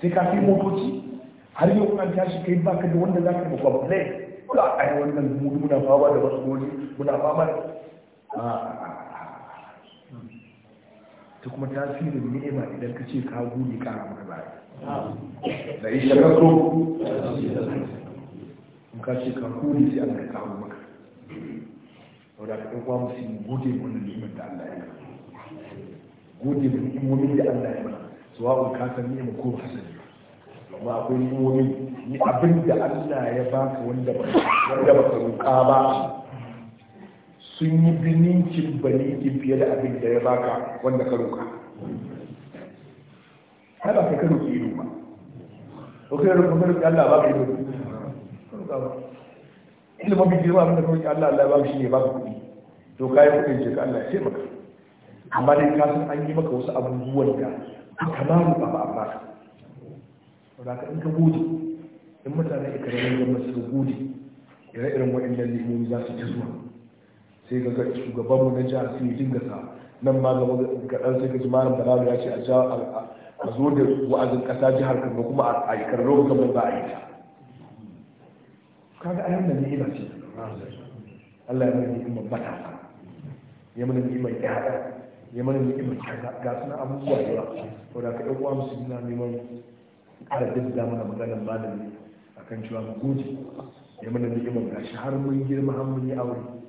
sai ka fi motoci har yau kuna tashi kai baka da wanda za ka ba complain kula a yi wannan muna fama da wasu goji muna fama da ah, ta kuma tasirin ni'ima idan ka ce ka gode kara maka baya da yi shakarko in ka ce ka gode sai Allah ya kawo maka wadda ka ɗauka musu yi gode wani ni'imar da Allah ya kawo gode da ni'imomin da Allah ya mana. Suwa ka san ni'ima ko ba sani ba akwai ni'imomin ni abin da Allah ya baka wanda ba ka roƙa ba sun yi bininkin balikin fiye da abin da ya baka wanda ka roka har ba ka karo ki ido ba ko kai roƙon karo ki Allah ba ka ido Ina mafi girma abin da ka ki Allah Allah ba shi ne ba ka kuɗi to kayi kuɗin ce ka Allah ya ce maka amma dai ka san an yi maka wasu abubuwan da kamaru ba ba amma ka ba ka in ka gode in mutane ikirarin gwamnati su gode ire-iren waɗannan limomi za su ta zuwa sai ga shugabanmu na jihar sai yi dinga sa nan ma ga kaɗan sai ka ji malam da ya ce a zo da wa'azin ƙasa jihar kano kuma a yi karno kamar ba a yi ta kaga yamma ne ni'ima ce Allah ya mana ni'imar matasa ya mana ni'imar ƴaƴa ya mana ni'imar kaza ga suna abubuwa da yawa to da ka ɗauko musu ina neman ƙara da mana maganar malami akan cewa mu gode ya mana ni'imar gashi har mun girma har mun yi aure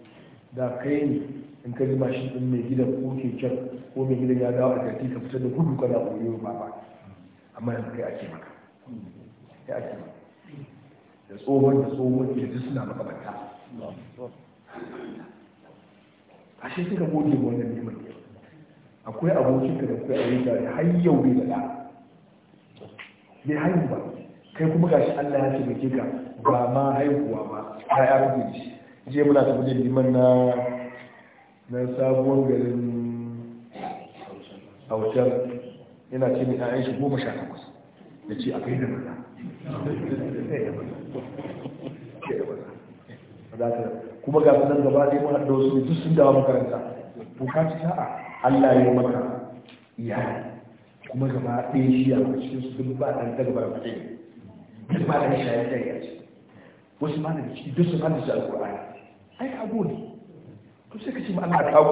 da kai ne in ka ji shi ɗin mai gidan ko ke can, ko mai gidan ya dawo a kanti ka fitar da gudu kana koyo ba ba amma yanzu kai ake maka ya ake maka da tsohon da tsohon da yanzu suna banta. a shi suka goge wannan neman akwai abokin ka da kai a yi da har yau bai da da bai haihu ba kai kuma gashi Allah ya ke ka ba ma haihuwa ba ta ya rubuce jiya muna tafi da liman na na sabuwar garin hautar yana ce mai ayyashi goma sha takwas da ce a kai da maza kuma ga sunan gaba da mun haɗa wasu duk sun dawa makaranta to ka ci sa'a Allah ya maka iya kuma gaba ɗaya shi a cikin sun ba ɗan daga ba ɗaya duk ba ɗan shayar da a ciki wasu ma da ciki duk su ma da shi alƙur'ani ai a ne to sai ka ce ma Allah ka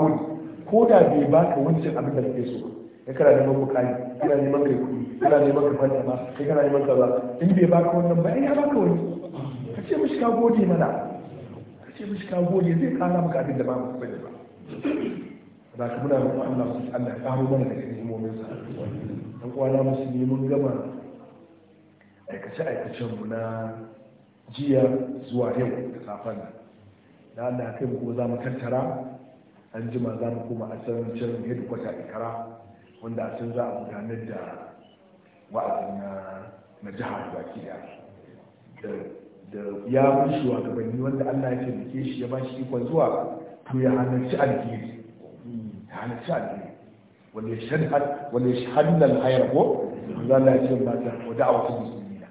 ko da bai baka wancan abin da kake so ya kana neman bukari kana neman kai kuɗi kana neman ka fanta ma kai kana neman kaza in bai baka wannan ba ai ya baka wani ka ce mishi ka gode mana ka ce mishi ka gode zai kara maka abin da ba mu sani ba da ka muna roƙon Allah Allah ya kawo mana daga ni'imomin sa dan kwana musulmi mun gama aikace aikacen mu na jiya zuwa yau da safan nan da Allah kai mu za mu tattara an jima za mu koma a can can headquarter ikara wanda a can za a gudanar da wa'azi na jihar baki daya da ya wa gabanni wanda Allah ya taimake shi ya ba shi ikon zuwa to ya halarci alheri ya halarci alheri wanda ya shahad wanda ya shahadna alhayar ko za Allah ya ce ba ta wa da'awatu muslimina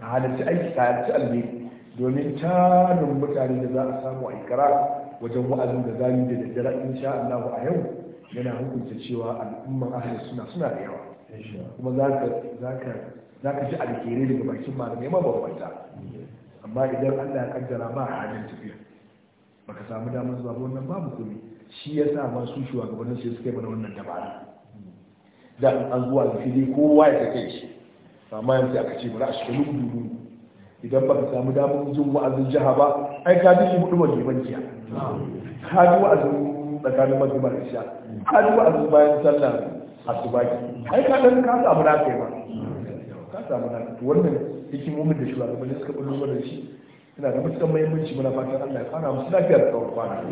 ka halarci aiki ka halarci alheri domin tarin mutane da za a samu a wajen wa'azin da zamu da daddare sha Allah a yau yana hukunta cewa al'umman ahli suna suna da yawa kuma za ka ji alkhairi daga bakin malamai mabambanta amma idan Allah ya kaddara ba halin tafiya baka samu damar zuwa wannan babu komai shi ya sa masu shugabannin sai suka yi mana wannan dabara da an zuwa da fili kowa ya kai shi amma yanzu aka ce bari a shiga lungu idan ba ka samu damar jin wa'azin jiha ba ai ka ji shi hudu majiban jiya ka ji wa'azin tsakanin majiba da sha ka ji wa'azin bayan sallar ki ai ka dan ka samu na kai ba ka samu na wannan hikimomin da ne suka bullo da shi ina da matuƙar muhimmanci muna fatan Allah ya fara musu lafiya da tsawon kwana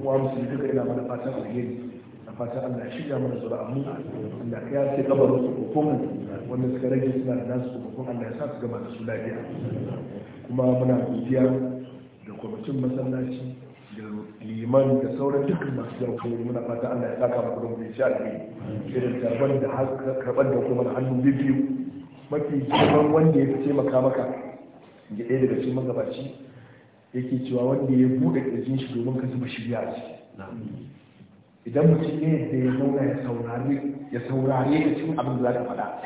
kuma musu duka ina mana fatan alheri fata Allah shiga mana su ra'amu Allah ya ce kabar su hukumu wanda suka rage suna da nasu hukumu Allah ya sa su gama da su lafiya kuma muna godiya da kwamitin masallaci da liman da sauran dukkan masu jarkawar muna fata Allah ya saka maka rubuta shi alheri irin tarban da karban da kuma hannu biyu mafi girman wanda ya fice taimaka maka da ɗaya daga cikin magabaci yake cewa wanda ya buɗe ƙirjin shi domin ka zuba shirya ce idan mutum ne da ya zauna ya saurare ya saurari ya cikin abin da za ka faɗa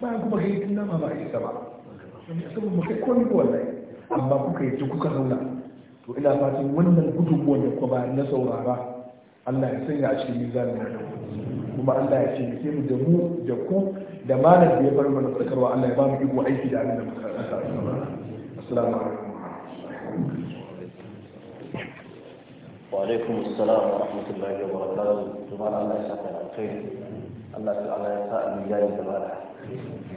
bayan kuma kai tun nama ba a isa ba saboda mu kai komai ko wallahi amma kuka yi kuka zauna to ina fatan wannan gudunmuwan da kuma bayan na saurara Allah ya sanya a cikin mizanin kuma Allah ya ce mu da mu da ku da malam da ya bar mana tsakarwa Allah ya ba mu iko aiki da abin da muka rasa assalamu alaikum alaikum assalam wa rahmatullahi wa barakatuh kuma Allah ya saka alkhairi Allah ta'ala ya sa mu yayi da bara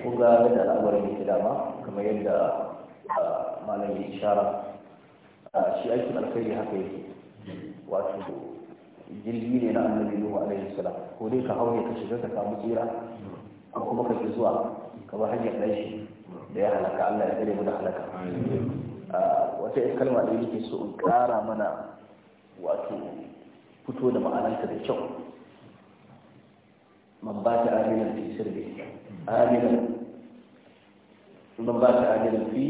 kun ga da al'amarin da kamar yadda malami ishara shi aikin alkhairi haka yake wato jirgi ne na annabi nuhu alaihi ko dai ka hau ne ka shiga ka samu tsira ko kuma ka ki zuwa kamar ba hanyar dan shi da ya halaka Allah ya tsare mu da halaka uh, wata kalma da yake so in ƙara mana wato fito da ma'anarsa da kyau man ba ta aminan fi sirri aminan man ba ta aminan fi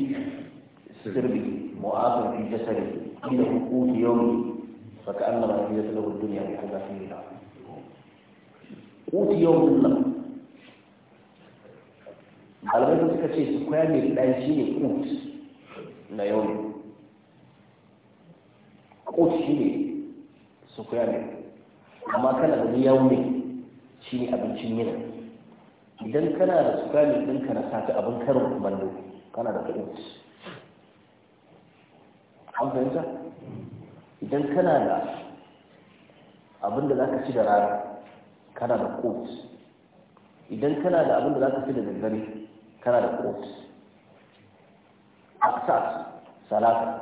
sirri mu'afin fi jasari ina hukuki yau faka an lama fi jasari wa duniya ne kuma fi yana kuti yau din nan malamai suka ce su kwaya mai ɗan shi ne kut na yau ne kut shi ne su kuya ne amma kana da yau ne shi ne abincin yinin idan kana da sukari ka na sati abin karin kumallo kana da kuɗin an fahimta idan kana da abin da za ka ci da rana kana da kot idan kana da abin da za ka ci da daddare kana da kot aksas salata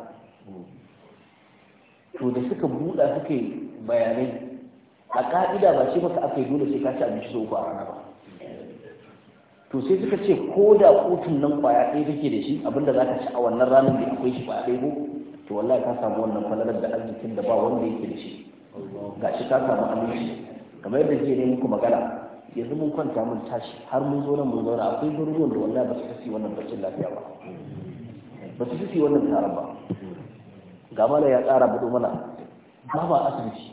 to da suka buɗa suka yi bayanai a ka'ida ba ce maka aka yi dole sai ka ci abinci sau uku a rana ba to sai suka ce ko da kotun nan kwaya ɗaya kake da shi abinda za ka ci a wannan ranar da akwai shi ba ɗaya ko to wallahi ka samu wannan falalar da arzikin da ba wanda yake da shi ga shi ka samu aminci kamar yadda jiya ne muku magana yanzu mun kwanta mun tashi har mun zo nan mun zauna akwai garuruwan da wallahi ba su kasi wannan baccin lafiya ba ba su kasi wannan taron ba ga ya tsara bado mana babu asibiti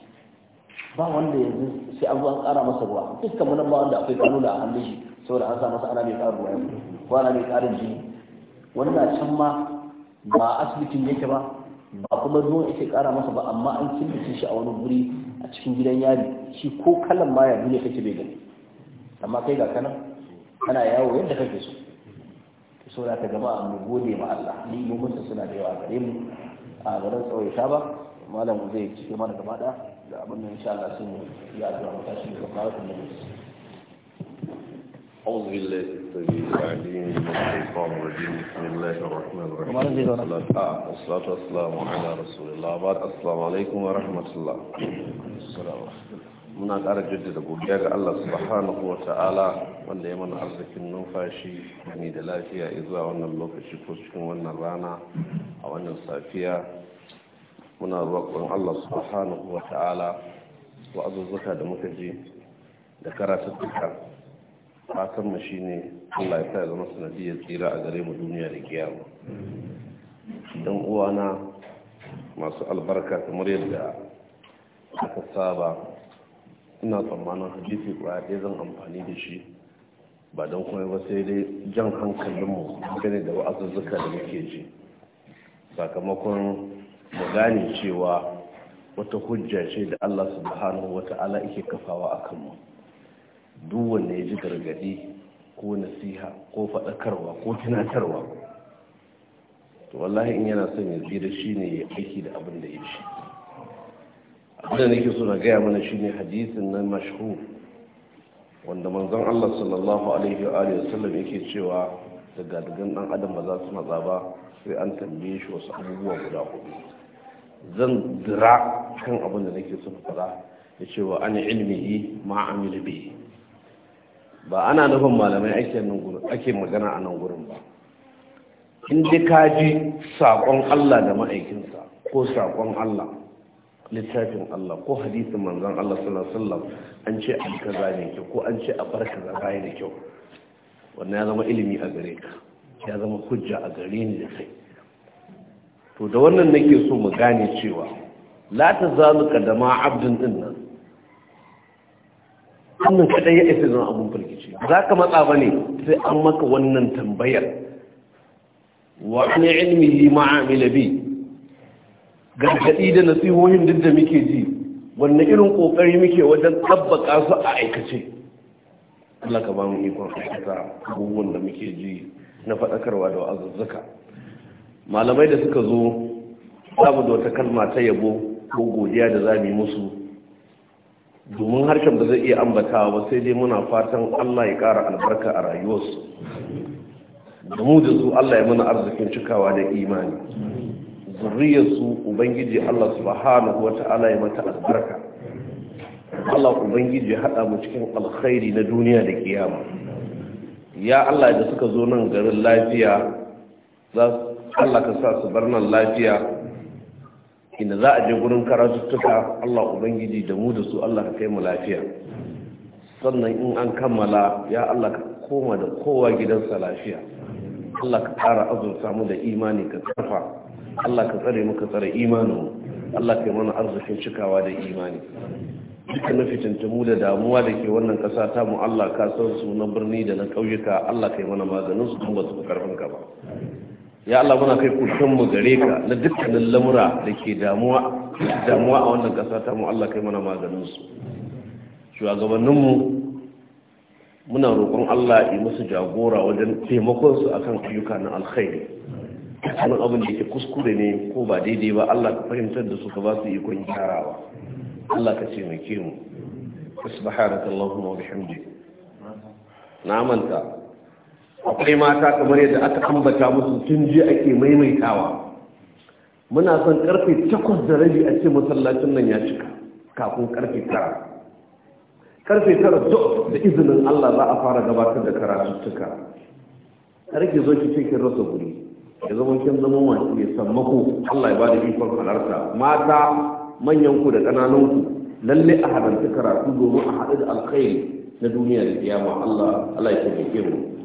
ba wanda yanzu sai an zuwa masa ruwa dukkan mu nan ba wanda akwai kanula a hannun shi saboda an sa masa ana mai ƙarin ruwa ko ana mai ƙarin jini wani na can ma ba asibitin yake ba ba kuma zuwa yake kara masa ba amma an killace shi a wani guri a cikin gidan yari shi ko kalan ma ya duniya kake bai gani amma kai ga kanan ana yawo yadda kake so saboda ta gama mu gode ma Allah ni mu suna da yawa gare mu a garin tsawaita ba malam zai cike mana gaba da abin da insha Allah sun yi addu'a mu tashi da karatun da أعوذ بالله السميع العليم من الشيطان الرجيم بسم الله الرحمن الرحيم والصلاة والسلام على رسول الله السلام عليكم ورحمة الله السلام عليكم jaddada godiya ga Allah subhanahu wa ta'ala wanda ya mana da lafiya zuwa wannan lokaci ko cikin wannan rana a wannan safiya muna roƙon Allah subhanahu wa ta'ala wa azuzuka da muka ji da karatuttuka fatan mu shine Allah ya sa zama sanadiyar tsira a gare mu duniya da kiyama dan uwana masu albarka kamar yadda aka saba ina tsammanin hadisi ɗaya zan amfani da shi ba don kuma ba sai dai jan hankalinmu gane da wa'azuzzuka da muke ji sakamakon mu gane cewa wata hujja ce da Allah subhanahu wata'ala yake kafawa a mu, duk wanda ya ji gargadi ko nasiha ko faɗakarwa ko tunatarwa to wallahi in yana son ya da shi ne ya aiki da abin da ya ci abin da nake so na gaya mana shi ne hadisin na mashhur wanda manzon Allah sallallahu alaihi wa alihi wasallam yake cewa daga dagan dan adam ba za su matsa ba sai an tambaye shi wasu abubuwa guda hudu zan zira kan abin da nake so fara ya ce wa an yi ma bi ba ana nufin malamai ake magana a nan gurin ba in dai ka ji sakon Allah da ma'aikinsa ko saƙon Allah littafin Allah ko hadisin manzon Allah sallallahu alaihi wasallam an ce an ne kyau ko an ce a za ka yi da kyau wannan ya zama ilimi a gare ka ya zama hujja a gare ni da kai to da wannan nake so mu gane cewa la ta zalu kadama abdin din nan wannan kadai ya isa zan abun firgici za ka matsa ba ne sai an maka wannan tambayar wa an ilmihi ma'amila bi gargadi da nasihohin duk da muke ji wannan irin kokari muke wajen tabbaka su a aikace Allah ka ba mu ikon aikata abubuwan da muke ji na faɗakarwa da wa'azuzzuka malamai da suka zo samu da wata kalma ta yabo ko godiya da za mu musu domin harshen ba zai iya ambatawa ba sai dai muna fatan allah ya kara albarka a rayuwarsu da mu da su allah ya muna arzikin cikawa da imani zurriyarsu ubangiji allah subhanahu wa ta'ala ya mata albarka allah ubangiji haɗa mu cikin alkhairi na duniya da kiyama ya allah da suka zo nan garin lafiya za su Allah ka sa su bar nan lafiya inda za a je gurin karatuttuka Allah ubangiji da mu da su Allah ka kai mu lafiya sannan in an kammala ya Allah ka koma da kowa gidansa lafiya Allah ka ƙara azurta mu da imani ka karfa Allah ka tsare mu ka tsare mu Allah ka yi mana arzikin cikawa da imani duka na fitintamu da damuwa da ke wannan kasa ta mu Allah ka san su na birni da na ƙauyuka Allah ka yi mana maganin su kuma ba su karfin ka ba ya Allah muna kai kukan mu gare ka na dukkanin lamura da ke damuwa damuwa a wannan ƙasa ta mu Allah kai mana maganin su shugabannin mu muna roƙon Allah yi musu jagora wajen taimakon su akan ayyuka na alkhairi wannan abin da ke kuskure ne ko ba daidai ba Allah ka fahimtar da su ka ba su ikon gyarawa Allah ka ce mu subhanakallahumma wa bihamdika na manta akwai mata kamar yadda aka ambata musu tun ji ake maimaitawa muna son karfe takwas da rabi a ce masallacin nan ya cika kafin karfe tara karfe tara duk da izinin Allah za a fara gabatar da cika har ki zo ki ce kin rasa guri ya zama kin zama masu ya sammako Allah ya bada ikon halarta mata manyan ku da ƙananan ku lalle a halarci karatu domin a haɗu da alkhairi na duniya da kiyama Allah Allah ya ke mu